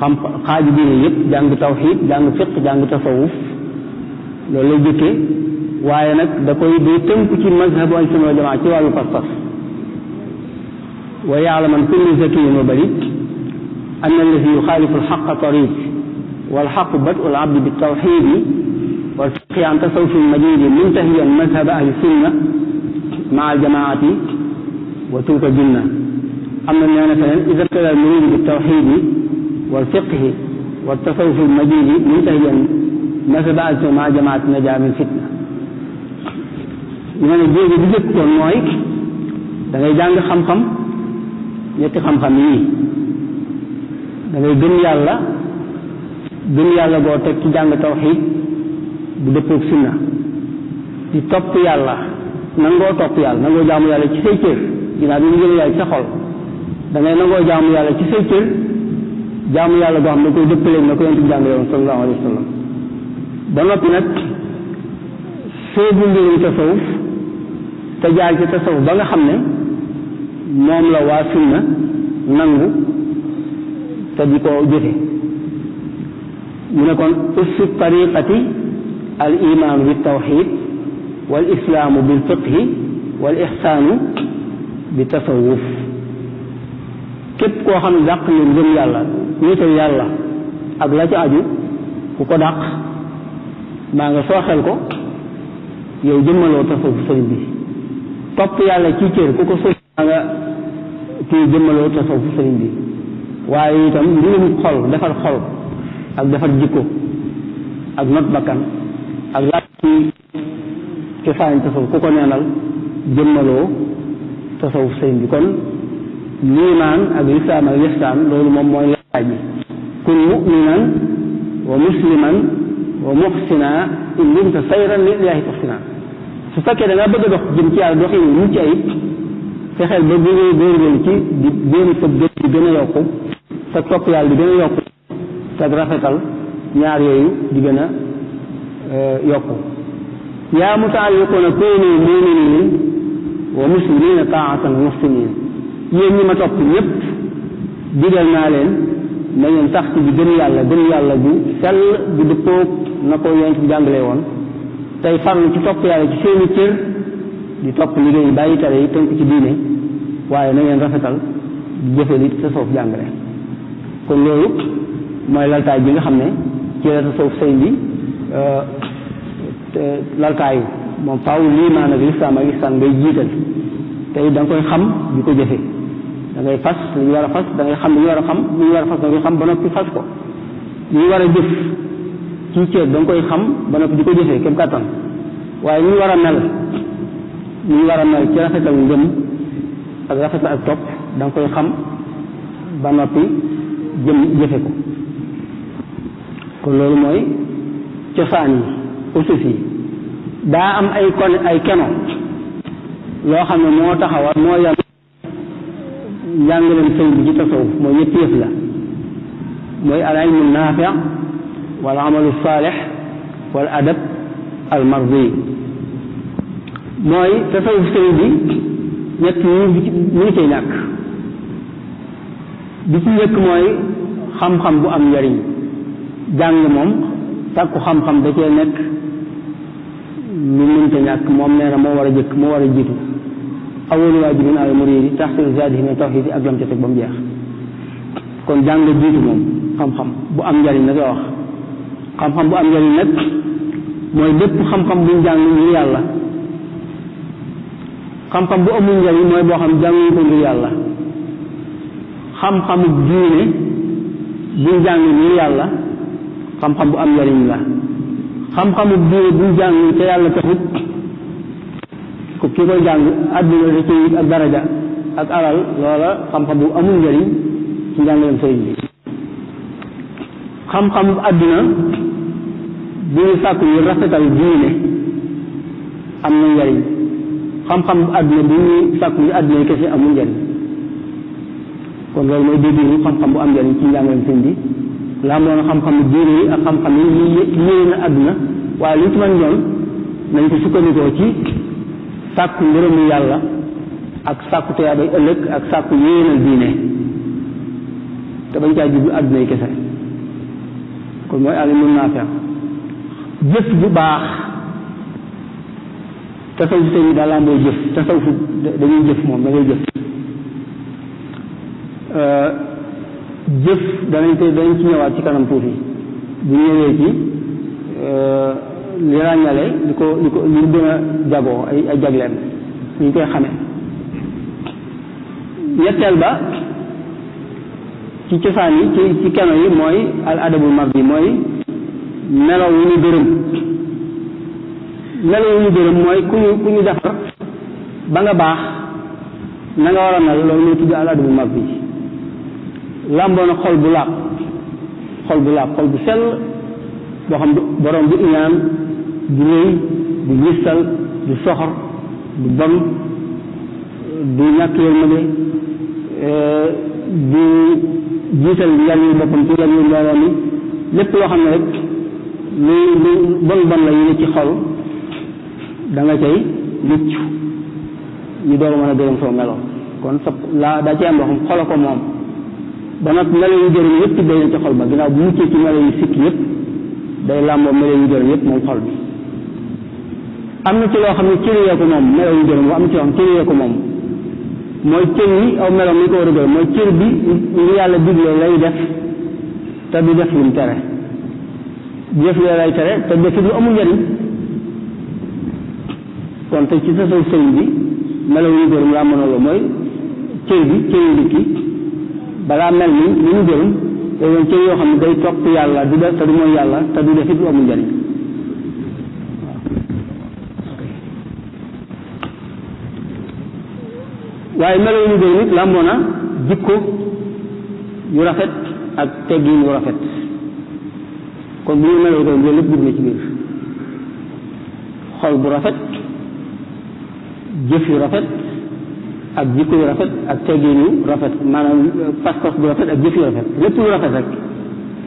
[SPEAKER 2] xam xaaju diine yépp jàng tawxid jàng fiq jàng tasawuf loolu lay jëkkee waaye nag da koy day tënk ci mazhabu al sunna wal jamaa ci wàllu pas-pas wa yaala man kulli zakiyin wa barit أن الذي يخالف الحق طريق والحق بدء العبد بالتوحيد والفقه عن تصوف المجيد منتهيا مذهب أهل السنة مع الجماعة وتلك الجنة أما أنا فهم إذا ابتدى المريد بالتوحيد والفقه والتصوف المجيد منتهيا ما فبعد مع جماعة نجا من فتنة من الجيد بجد والمعيك دغي جانغ خم خم نيتي خم خم يي إيه؟ دغي دن يالا دن يالا بو تك جانغ توحيد بدبوك سنة دي توب يالله nanggo topp yàlla nangoo jaamu yàlla ci say cër ginnaaw bi mu gën a ci xol da ngay nanggo jamu yale ci say cër jaamu yàlla goo xam ne koy dëppaleeg na ko yonent bi jàngale woon sallallahu alayhi wa sallam ba noppi nag soobu mbirum tasawuf ta jaar ci tasawuf ba nga xamne mom la waa sunna nangu te di ko jëfe mu ne kon usu tariqati al iman bi tawhid والإسلام بالفقه والإحسان بتصوف كيف كو خام داك لي نغم يالا نيتو يالا اك لا تي اديو كوكو داك ماغا سوخال كو يو جيمالو تصوف سيرين بي توب يالا تي تير كوكو سوي ماغا تي جيمالو تصوف سيرين بي واي تام ليم خول دافار خول اك دافار جيكو اك نوت بكان اك لا ci faañ tasawuf ku ko neenal jëmmaloo tasawuf sëñ bi kon liimaan ak lislaam ak lihsaan loolu moom mooy laaj bi kun muminan wa musliman wa muxsina indimta sayran lillahi tuxsina su fekkee da nga bëgg a dox jëm ci yàlla doxin mu ci ayib fexeel ba gën a góorgóorlu ci di gën gën di gën a yokku sa rafetal ñaar yooyu di gën a euh, yokku yaa mutaalliquuna kuunu muminin wa muslimina taatan wa muhsinin yéen ñi ma topp ñépp digal naa leen na ngeen sax ci bi gëm yàlla gëm yàlla bu sell bu dëppoog na ko yonent bi jàngalee woon tey farlu ci topp yàlla ci seeni cër di topp liggéey bàyyi tere yi te ci diine waaye na ngeen rafetal di jëfe li sa kon loolu mooy laltaay bi nga xam ne ci la sa soof sëñ bi euh, laltaayu moom faaw lii maanaam lislaam ak islam ngay jiital tey da koy xam di ko jëfe da ngay fas li war a fas da xam li ñu war a xam li fas da koy xam ba noppi fas ko li ñu war a jëf koy xam ba noppi di ko jëfee kem kàttan waaye ñu war a mel ñu war a mel ci rafetal ngëm ak rafetal ak topp da koy xam ba noppi jëm jëfe ko kon loolu mooy cosaan yi usus yi daa am ay kon ay keno loo xam ne moo taxawal moo yam njàngaleen sëñ bi ci tasawuf mooy ñetti yëf la mooy al ilmu naafi wal amalu saalix wal adab al mardi mooy tasawuf sëñ bi ñett yi mu ngi cay ñàkk bi ci njëkk mooy xam-xam bu am njariñ jàng moom sàkku xam-xam da cee nekk lu mënta ñàkk moom nee moo war a jëkk moo war a jiitu awalu waajibin al muridi tahsil zaadihi min tawxiid ak lam ca teg ba mu jeex kon jàng jiitu moom xam-xam bu am njariñ nag la wax xam-xam bu am njariñ mooy bépp xam-xam jàng ngir yàlla xam-xam bu amul boo xam jànguñ ko ngir yàlla xam-xamu diine buñ jàng ngir yàlla xam-xam bu am njariñ la xam-xamu diine buñ jàng te yàlla taxut ku ki koy jàng àdduna da ci ak daraja ak alal loola xam-xam bu amul njëriñ ci njàngaleem sëriñ bi xam-xam àdduna bu ñu sàkku yu am na xam-xam bu ñu sàkku yu àdduna kese amul njëriñ kon loolu mooy dégg xam la am doon xam-xam diine yi ak xam-xam yi ñu yéene àdduna waaye lu ci mën doon nañ ko sukkandikoo ci sàkku ngërëmu yàlla ak sàkku teyaabay ëllëg ak sàkku yéenal diine te bañ caa jublu àdduna yi kese kon mooy àll mun naa feex jëf bu baax tasawuf tamit daal laa mooy jëf tasawuf dañuy jëf moom da jëf euh, jëf danañ koy danañ ci ñëwaat ci kanam tuuti bu ñëwee ci euh, li ràññale li ko li ko li gën a jagoo ay ay jagleem ñu koy xame ñetteel ba ci cosaan yi ci ci keno yi mooy al adabul mardi mooy melo wu ñu gërëm melo wu ñu gërëm mooy ku ñu ku ñu defar ba nga baax na nga na a mel loolu ñu tudd al adabul mardi làmboo na xol bu laab xol bu laab xol bu sell boo xam borom du iñaan bu rëy du ñistal du soxor du bon du ñàkk yërmande eh, du jiital yàlla boppam ci yàlla yi lépp loo xam ne rek lu lu bon bon la yi ne ci xol da nga cay mucc ñu mën a gërëm soo meloon kon sa laa daa ci am loo xam xola ko moom ba melo yu gërëm yëpp tibbee bu muccee ci melo yu sikk yëpp day làmboo melo yu gërëm yëpp moom xol bi am na ci loo xam ne cër yee ko moom melo yu gërëm am ci loo xam cër yee ko moom mooy cër yi aw a gërëm mooy cër bi tere jëf lee lay te defit amul njariñ kon te ci bi melo yu gërëm laa mënaloo mooy cër bi yu dikki balaa mel ni li ñu jël dañoo cër yoo xam ne day topp yàlla du def te du mooy yàlla te du def it lu mu njëriñ waaye melo yu ñu jël nit jikko yu rafet ak teggin yu rafet kon bu ñu melo doon jël lépp dugg na ci biir xol bu rafet jëf yu rafet ak jikko yu rafet ak teggin yu rafet maanaam pas-pas bu rafet ak jëf yu rafet lépp lu rafet rek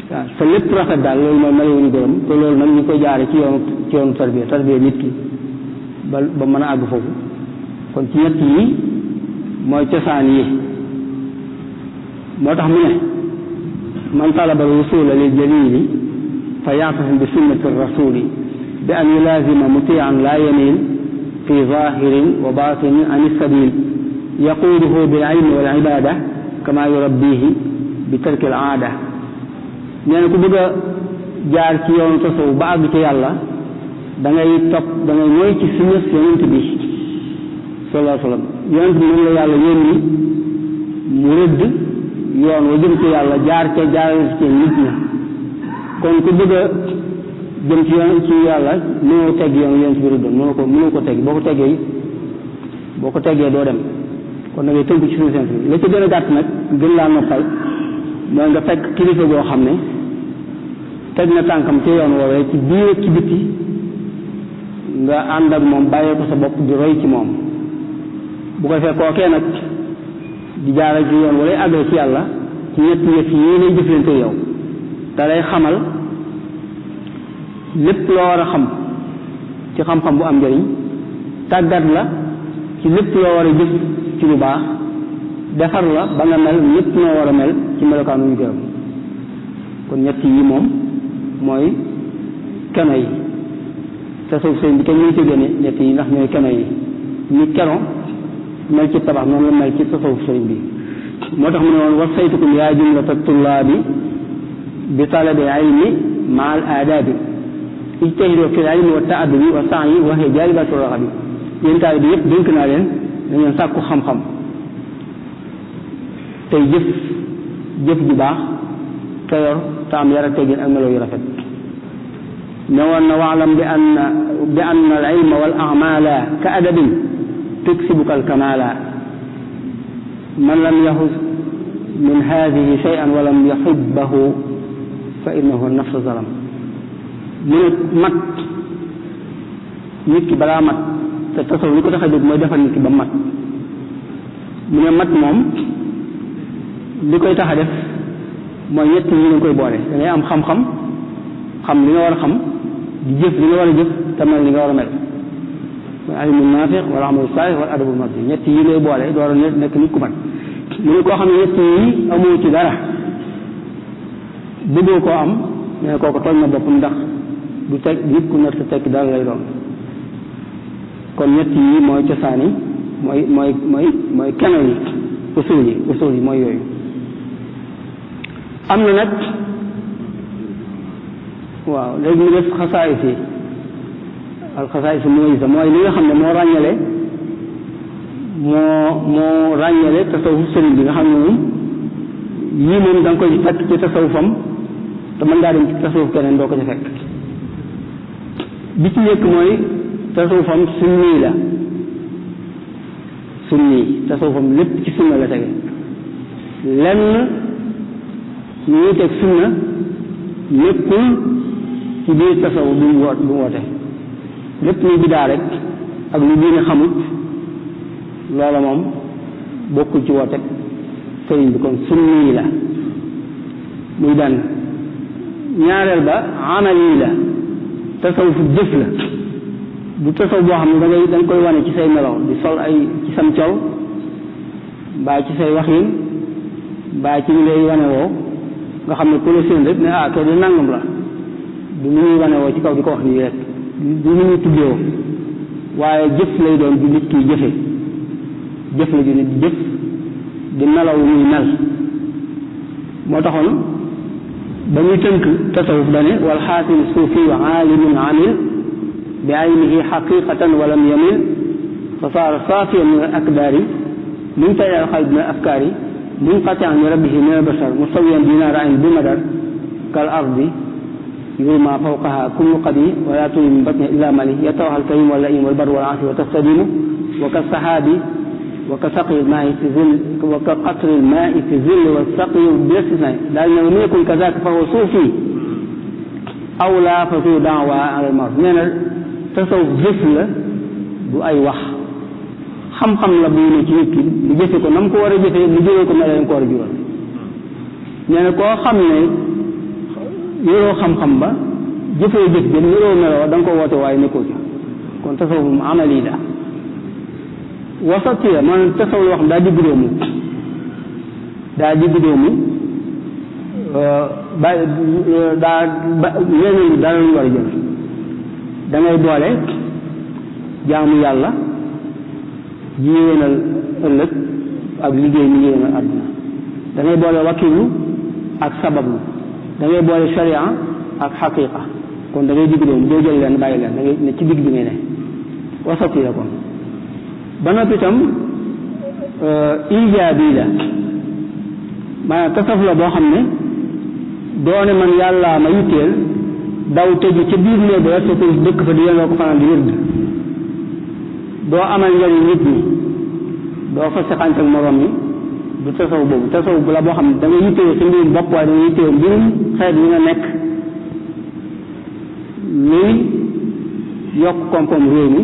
[SPEAKER 2] waaw sa lépp rafet daal loolu mooy melawoon gërëm te loolu nag ñu koy jaare ci yoonu ci yoonu tarbiya tarbiya nit ki ba ba mën a àgg foofu kon ci ñett yi mooy cosaan yi moo tax mu ne man talaba alwusula lil jalili fa yaatasim bi sunnati rasuli bi an yulaazima mutian laa yamin fi zahirin wa batinin an sabil yaquuduhu bil ilmi wal ibaada kama yurabbihi bi tarki al aada ku bëgg jaar ci yoonu tasawuf ba àgg ci yàlla dangay ngay topp da ngay ci sunnas yonent bi sallallahu la yàlla yónni mu rëdd yoon wa jëm ci yàlla jaar ca jaarale ci nit ña kon ku bëgg jëm ci yoon ci yàlla mënoo teg yoon yonent bi ko ko teg boo ko tegee boo ko tegee doo dem kon da ngay tënk ci suñu sens bi la ci gën a gàtt nag gën laa noppal mooy nga fekk kilifa goo xam ne teg na tànkam ci yoon woowee ci biir ak ci bitti nga ànd ak moom bàyyee sa bopp di roy ci moom bu ko fekk kookee nag di jaaral ci yoon walay àggee ci yàlla ci ñett yëf yi lay jëflante yow te xamal lépp loo war a xam ci xam-xam bu am njëriñ tàggat la ci lépp loo war a jëf ci lu baax defar la ba nga mel ñëpp noo war a mel ci melokaanu ñu gërëm kon ñett yi moom mooy keno yi tasawuf sëñ bi kenn mënu ci génne ñett yi ndax ñooy keno yi ñu keno mel ci tabax noonu la bi moo tax mu ne woon wasaytukum yaa jumlata tullaabi bi talabi ilmi ma al aadaabi fi l ilmi wa taaddubi wa saayi wa hiya jaalibaatu raxabi yéen taalibi yëpp dénk naa leen dañoo sàkku xam-xam tey jëf jëf ju baax te yor te am yara tegin ak melo yu rafet نوان واعلم بأن بأن العلم والأعمال كأدب تكسبك الكمال من لم يهز من هذه شيئا ولم يحبه فإنه النفس ظلم من مت نيت بلا مت te tasawuf li ko tax a jóg mooy defar nit ki ba mat mu ne mat moom li koy tax a def mooy ñett yi nga koy boole da ngay am xam-xam xam li nga war a xam di jëf li nga war a jëf te li nga war a mel mooy alimu naafiq wala amalu saalih wala adabu mardi ñett yi ngay boole door a nekk nit ku mat mu ne koo xam ne ñett yi amoo ci dara bëggoo koo am ne kooku tooñ na boppam ndax du teg nit ku nar sa tekki dara lay doon kon ñett yi mooy cosaan yi mooy mooy mooy mooy keno yi usul yi usul yi mooy yooyu am na nag waaw léegi mu def xasaayis al xasaayis mooy sa li nga xam ne moo ràññale moo moo ràññale tasawuf sëriñ bi nga xam ne moom yii moom da nga koy fekk ci tasawufam te mën ngaa dem ci tasawuf keneen doo ko ci fekk bi ci nekk mooy tasawufam sunni la sunni tasawufam lépp ci sunna la tege lenn ñu ngi teg sunna nekkul ci biir tasawuf bi mu woote bi mu woote lépp luy bidaa rek ak lu diine xamut loola moom bokkul ci woote sëriñ bi kon sunni la muy daan ñaareel ba amal yi la tasawufu jëf la bu cosoo boo xam ne da ngay koy wane ci say melaw di sol ay ci sam col mbaa ci say waxin mbaa ci ñu lay wane woo nga xam ne ku la seen rek ne ah kii di la du muy wane woo ci kaw di ko wax nii rek du mu ñuy tuddee waaye jëf lay doon di nit kiy jëfe jëf la ju nit di jëf di melaw muy mel moo taxoon ba muy tënk tasawuf dane wal xaatim suufi wa aalimun amil بعينه حقيقة ولم يمل فصار صافيا من الأكبار منتزع القلب من الأفكار منقطعا من ربه من البشر مستويا دينار عين بمدر كالأرض يرمى فوقها كل قدي ولا تولي من بطنه إلا ملي يتوها الكريم واللئيم والبر والعافي وتستدين وكالسحاب وكسقي الماء في ظل وكقطر الماء في ظل والسقي باستثناء لأنه لم يكن كذاك فهو صوفي أولى ففي دعوة على المرض tasaw jëf la du ay wax xam-xam la buy ne ci nit ki mu jëfe ko na mu ko war a jëfee mu jëlee ko mel ne ko war a jural nee koo xam ne yoroo xam-xam ba jëfee jëf jëm yoroo meloo da ko woote waaye nekkoo ci kon tasaw mu amal yi daal wasatiya maanaam tasaw loo xam daa digg doomu daa digg doomu euh, ba euh, daa ba leneen war a jël da ngay boole jaamu yàlla yéenal ëllëg ak liggéey mi yéenal àdduna da boole wakilu ak sabablu da ngay boole sharia ak xaqiqa kon da ngay digg leen doo jël leen bàyyi leen da ngay ne ci digg bi ngay ne wasati la kon ba noppi itam euh, la maanaam tasaf la boo xam ne doone man yàllaa ma yitteel daw tëju ca biir néeg ba te koy dëkk fa di yéenoo ko fanaan di wird doo amal njariñ nit ñi doo fa saxante ak morom yi du tasaw boobu tasaw bu la boo xam ne da nga yittewoo sa mbirum bopp waaye da nga yittewoo mbirum xeet yi nga nekk luy yokk koom-koom réew mi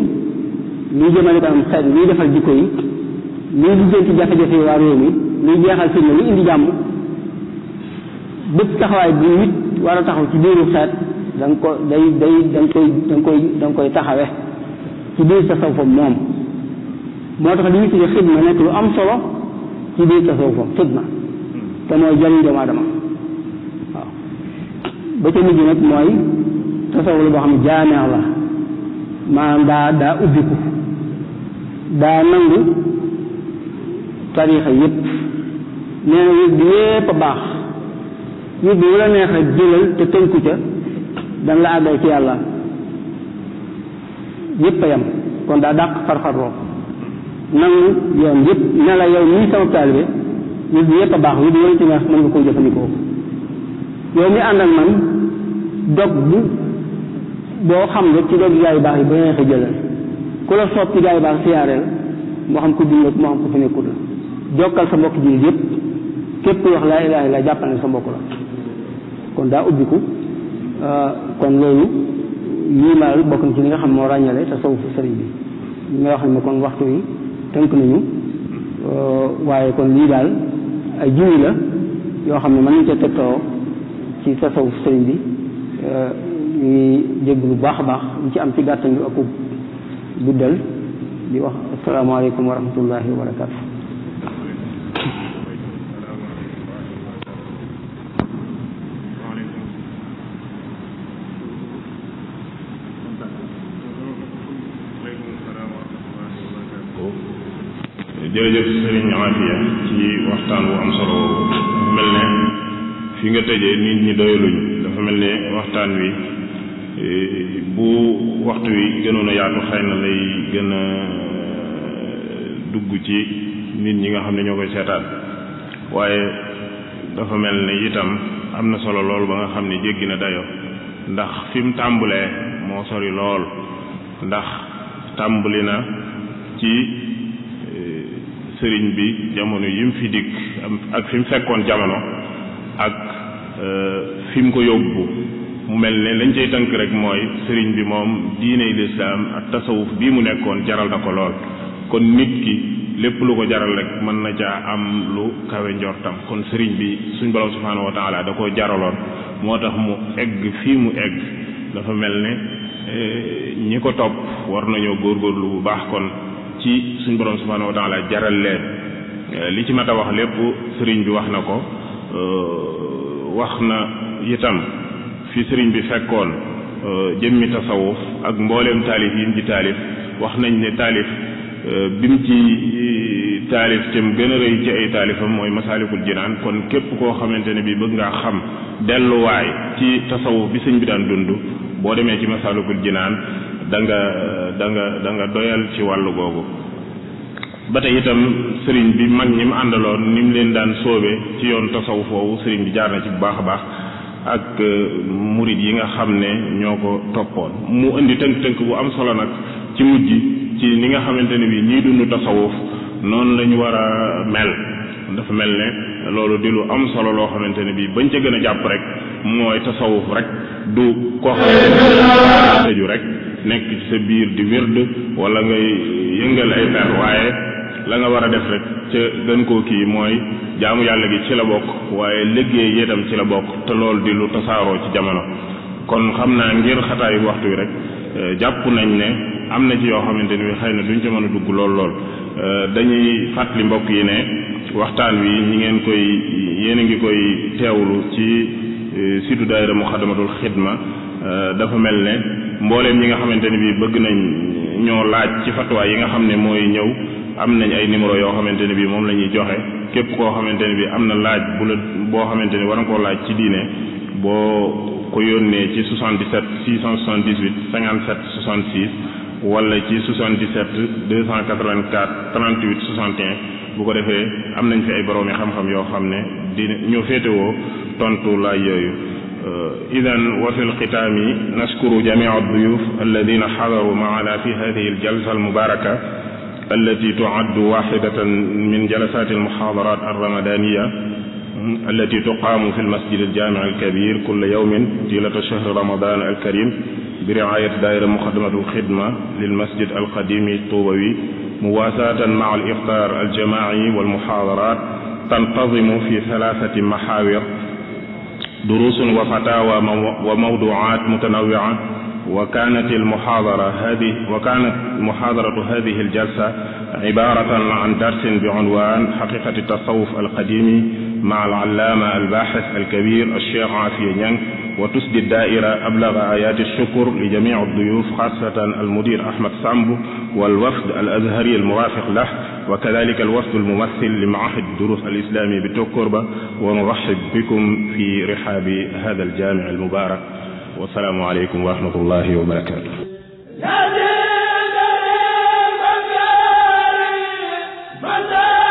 [SPEAKER 2] luy jëmale kanam xeet mi defal jikko yi luy lijjanti jafe-jafe yi waa réew mi luy jeexal firnde luy indi jàmm bépp taxawaay bu nit war a taxaw ci biiru xeet da ko day day da nga koy da nga koy da nga koy taxawe ci biir tasawufam moom moo tax li ñu tuddee xidma nekk lu am solo ci biir tasawufam xidma te mooy jariñ doomu aadama waaw ba ca mujj nag mooy tasawuf la boo xam jaamee la maanaam daa daa ubbiku daa nangu tarixa yépp nee na yëg yépp a baax yëg bi neex a jëlal te tënku ca dana la àggale ci yàlla yëpp a yem kon daa dàq xar-xarloo nangu yoon yëpp ne la yow sama taalibe nit bi yëpp a baax wi di yoon ci neex mën nga koo jëfandikoo yow mi ànd man dog bu boo xam ne ci dog gaa yu baax yi ba neex a jëlal ku la soob ci gaa yu baax siyaareel moo xam ku dund moo xam ku fi nekkul la jokkal sa mbokk jullit yëpp képp wax laa ilaaha illa jàppal sa mbokk la kon daa ubbiku Euh, kon loolu liimaal bokk na ci li nga xam moo ràññale tasawufu sëriñ bi li nga xam ne kon waxtu wi tënk nañu euh, waaye kon lii daal ay jiwu la yoo xam ne mën nañ ca tegtoo ci tasawuf sëriñ bi euh, ñuy jégg lu baax a baax ñu ci am ci gàttal lu ëpp guddal di wax asalaamaaleykum wa rahmatullahi wa barakatu
[SPEAKER 1] jërëjëf sëriñ Afia ci waxtaan wu am solo mel ne fi nga tëjee nit ñi doyaluñ dafa mel ne waxtaan wi bu waxtu wi gënoon a yaatu xëy na lay gën a dugg ci nit ñi nga xam ne ñoo koy seetaan waaye dafa mel ne itam am na solo lool ba nga xam ne jéggi na dayo ndax fi mu tàmbulee moo sori lool ndax tàmbuli na ci sëriñ bi jamono yi mu fi dikk ak fi mu fekkoon jamono ak euh, fi mu ko yóbbu mel ne lañ cay tënk rek mooy sëriñ bi moom diiney lislaam ak tasawuf bii mu nekkoon jaral na ko lool kon nit ki lépp lu ko jaral rek mën na caa am lu kawe njortam kon sëriñ bi suñ borom subhaanahu wa da koo jaraloon moo tax mu egg fii mu egg dafa mel ne euh, ñi ko topp war nañoo góorgóorlu bu baax kon ci suñ borom subhanahu wa laa jaral leen euh, li ci mat a wax lépp sëriñ bi wax na ko euh, wax na itam fi sëriñ bi fekkoon euh, jëmmi tasawuf ak mbooleem taalif yi mu ci taalif wax nañ ne taalif bi mu ci taalif te a rëy ci ay taalifam mooy masaalikul jinaan kon képp koo xamante ne bi bëgg ngaa xam delluwaay ci tasawuf bi sëñ bi daan dund boo demee ci masaalikul jinaan da nga da nga da doyal ci wàllu googu ba te itam sëriñ bi mag ñi mu àndaloon ni mu leen daan sóobe ci yoon tasaw foofu sëriñ bi jaar na ci bu baax a baax ak euh, murit yi nga xam ne ñoo ko toppoon mu indi tënk-tënk bu am solo nag ci mujj ci li nga xamante ne bi ñiy dund tasawuf noonu lañu war a mel dafa mel ne loolu di lu am solo loo xamante ne bi bañ ca gën a jàpp rek mooy tasawuf rek du koo xam ne tëju rek nekk ci sa biir di wird walla ngay yëngal ay waaye la nga war a def rek ca gën koo kii mooy jaamu yàlla gi ci la bokk waaye liggéey itam ci la bokk te lool di lu tasaaroo ci jamono kon xam naa ngir xataayu waxtu wi rek e, jàpp nañ ne am na ci yoo xamante ni xëy na duñ ca mën a dugg lool lool e, dañuy fàttali mbokk yi ne waxtaan wi ñi ngeen koy yéen a ngi koy teewlu ci e, situ daayira Muxaddamatul Xidma dafa mel ne mbooleem ñi nga xamante ne bii bëgg nañ ñoo laaj ci fatwa yi nga xam ne mooy ñëw am nañ ay numéro yoo xamante ne bii moom la ñuy joxe képp koo xamante ne bii am na laaj bu la boo xamante ne war nga koo laaj ci diine boo ko yónnee ci 77 678 57 66 wala ci 77 284 38 61 bu ko defee am nañ fi ay boroomi xam-xam yoo xam ne di ñoo féetewoo tontu laaj yooyu. آه، إذا وفي الختام نشكر جميع الضيوف الذين حضروا معنا في هذه الجلسة المباركة التي تعد واحدة من جلسات المحاضرات الرمضانية التي تقام في المسجد الجامع الكبير كل يوم طيلة شهر رمضان الكريم برعاية دائرة مقدمة الخدمة للمسجد القديم الطوبوي مواساة مع الإفطار الجماعي والمحاضرات تنتظم في ثلاثة محاور دروس وفتاوى وموضوعات متنوعة وكانت المحاضرة هذه وكانت محاضرة هذه الجلسة عبارة عن درس بعنوان حقيقة التصوف القديم مع العلامة الباحث الكبير الشيخ عافية نيانغ وتسدي الدائرة أبلغ آيات الشكر لجميع الضيوف خاصة المدير أحمد سامبو والوفد الأزهري المرافق له وكذلك الوفد الممثل لمعهد الدروس الإسلامي بتوكوربا ونرحب بكم في رحاب هذا الجامع المبارك والسلام عليكم ورحمة الله وبركاته
[SPEAKER 3] yeah,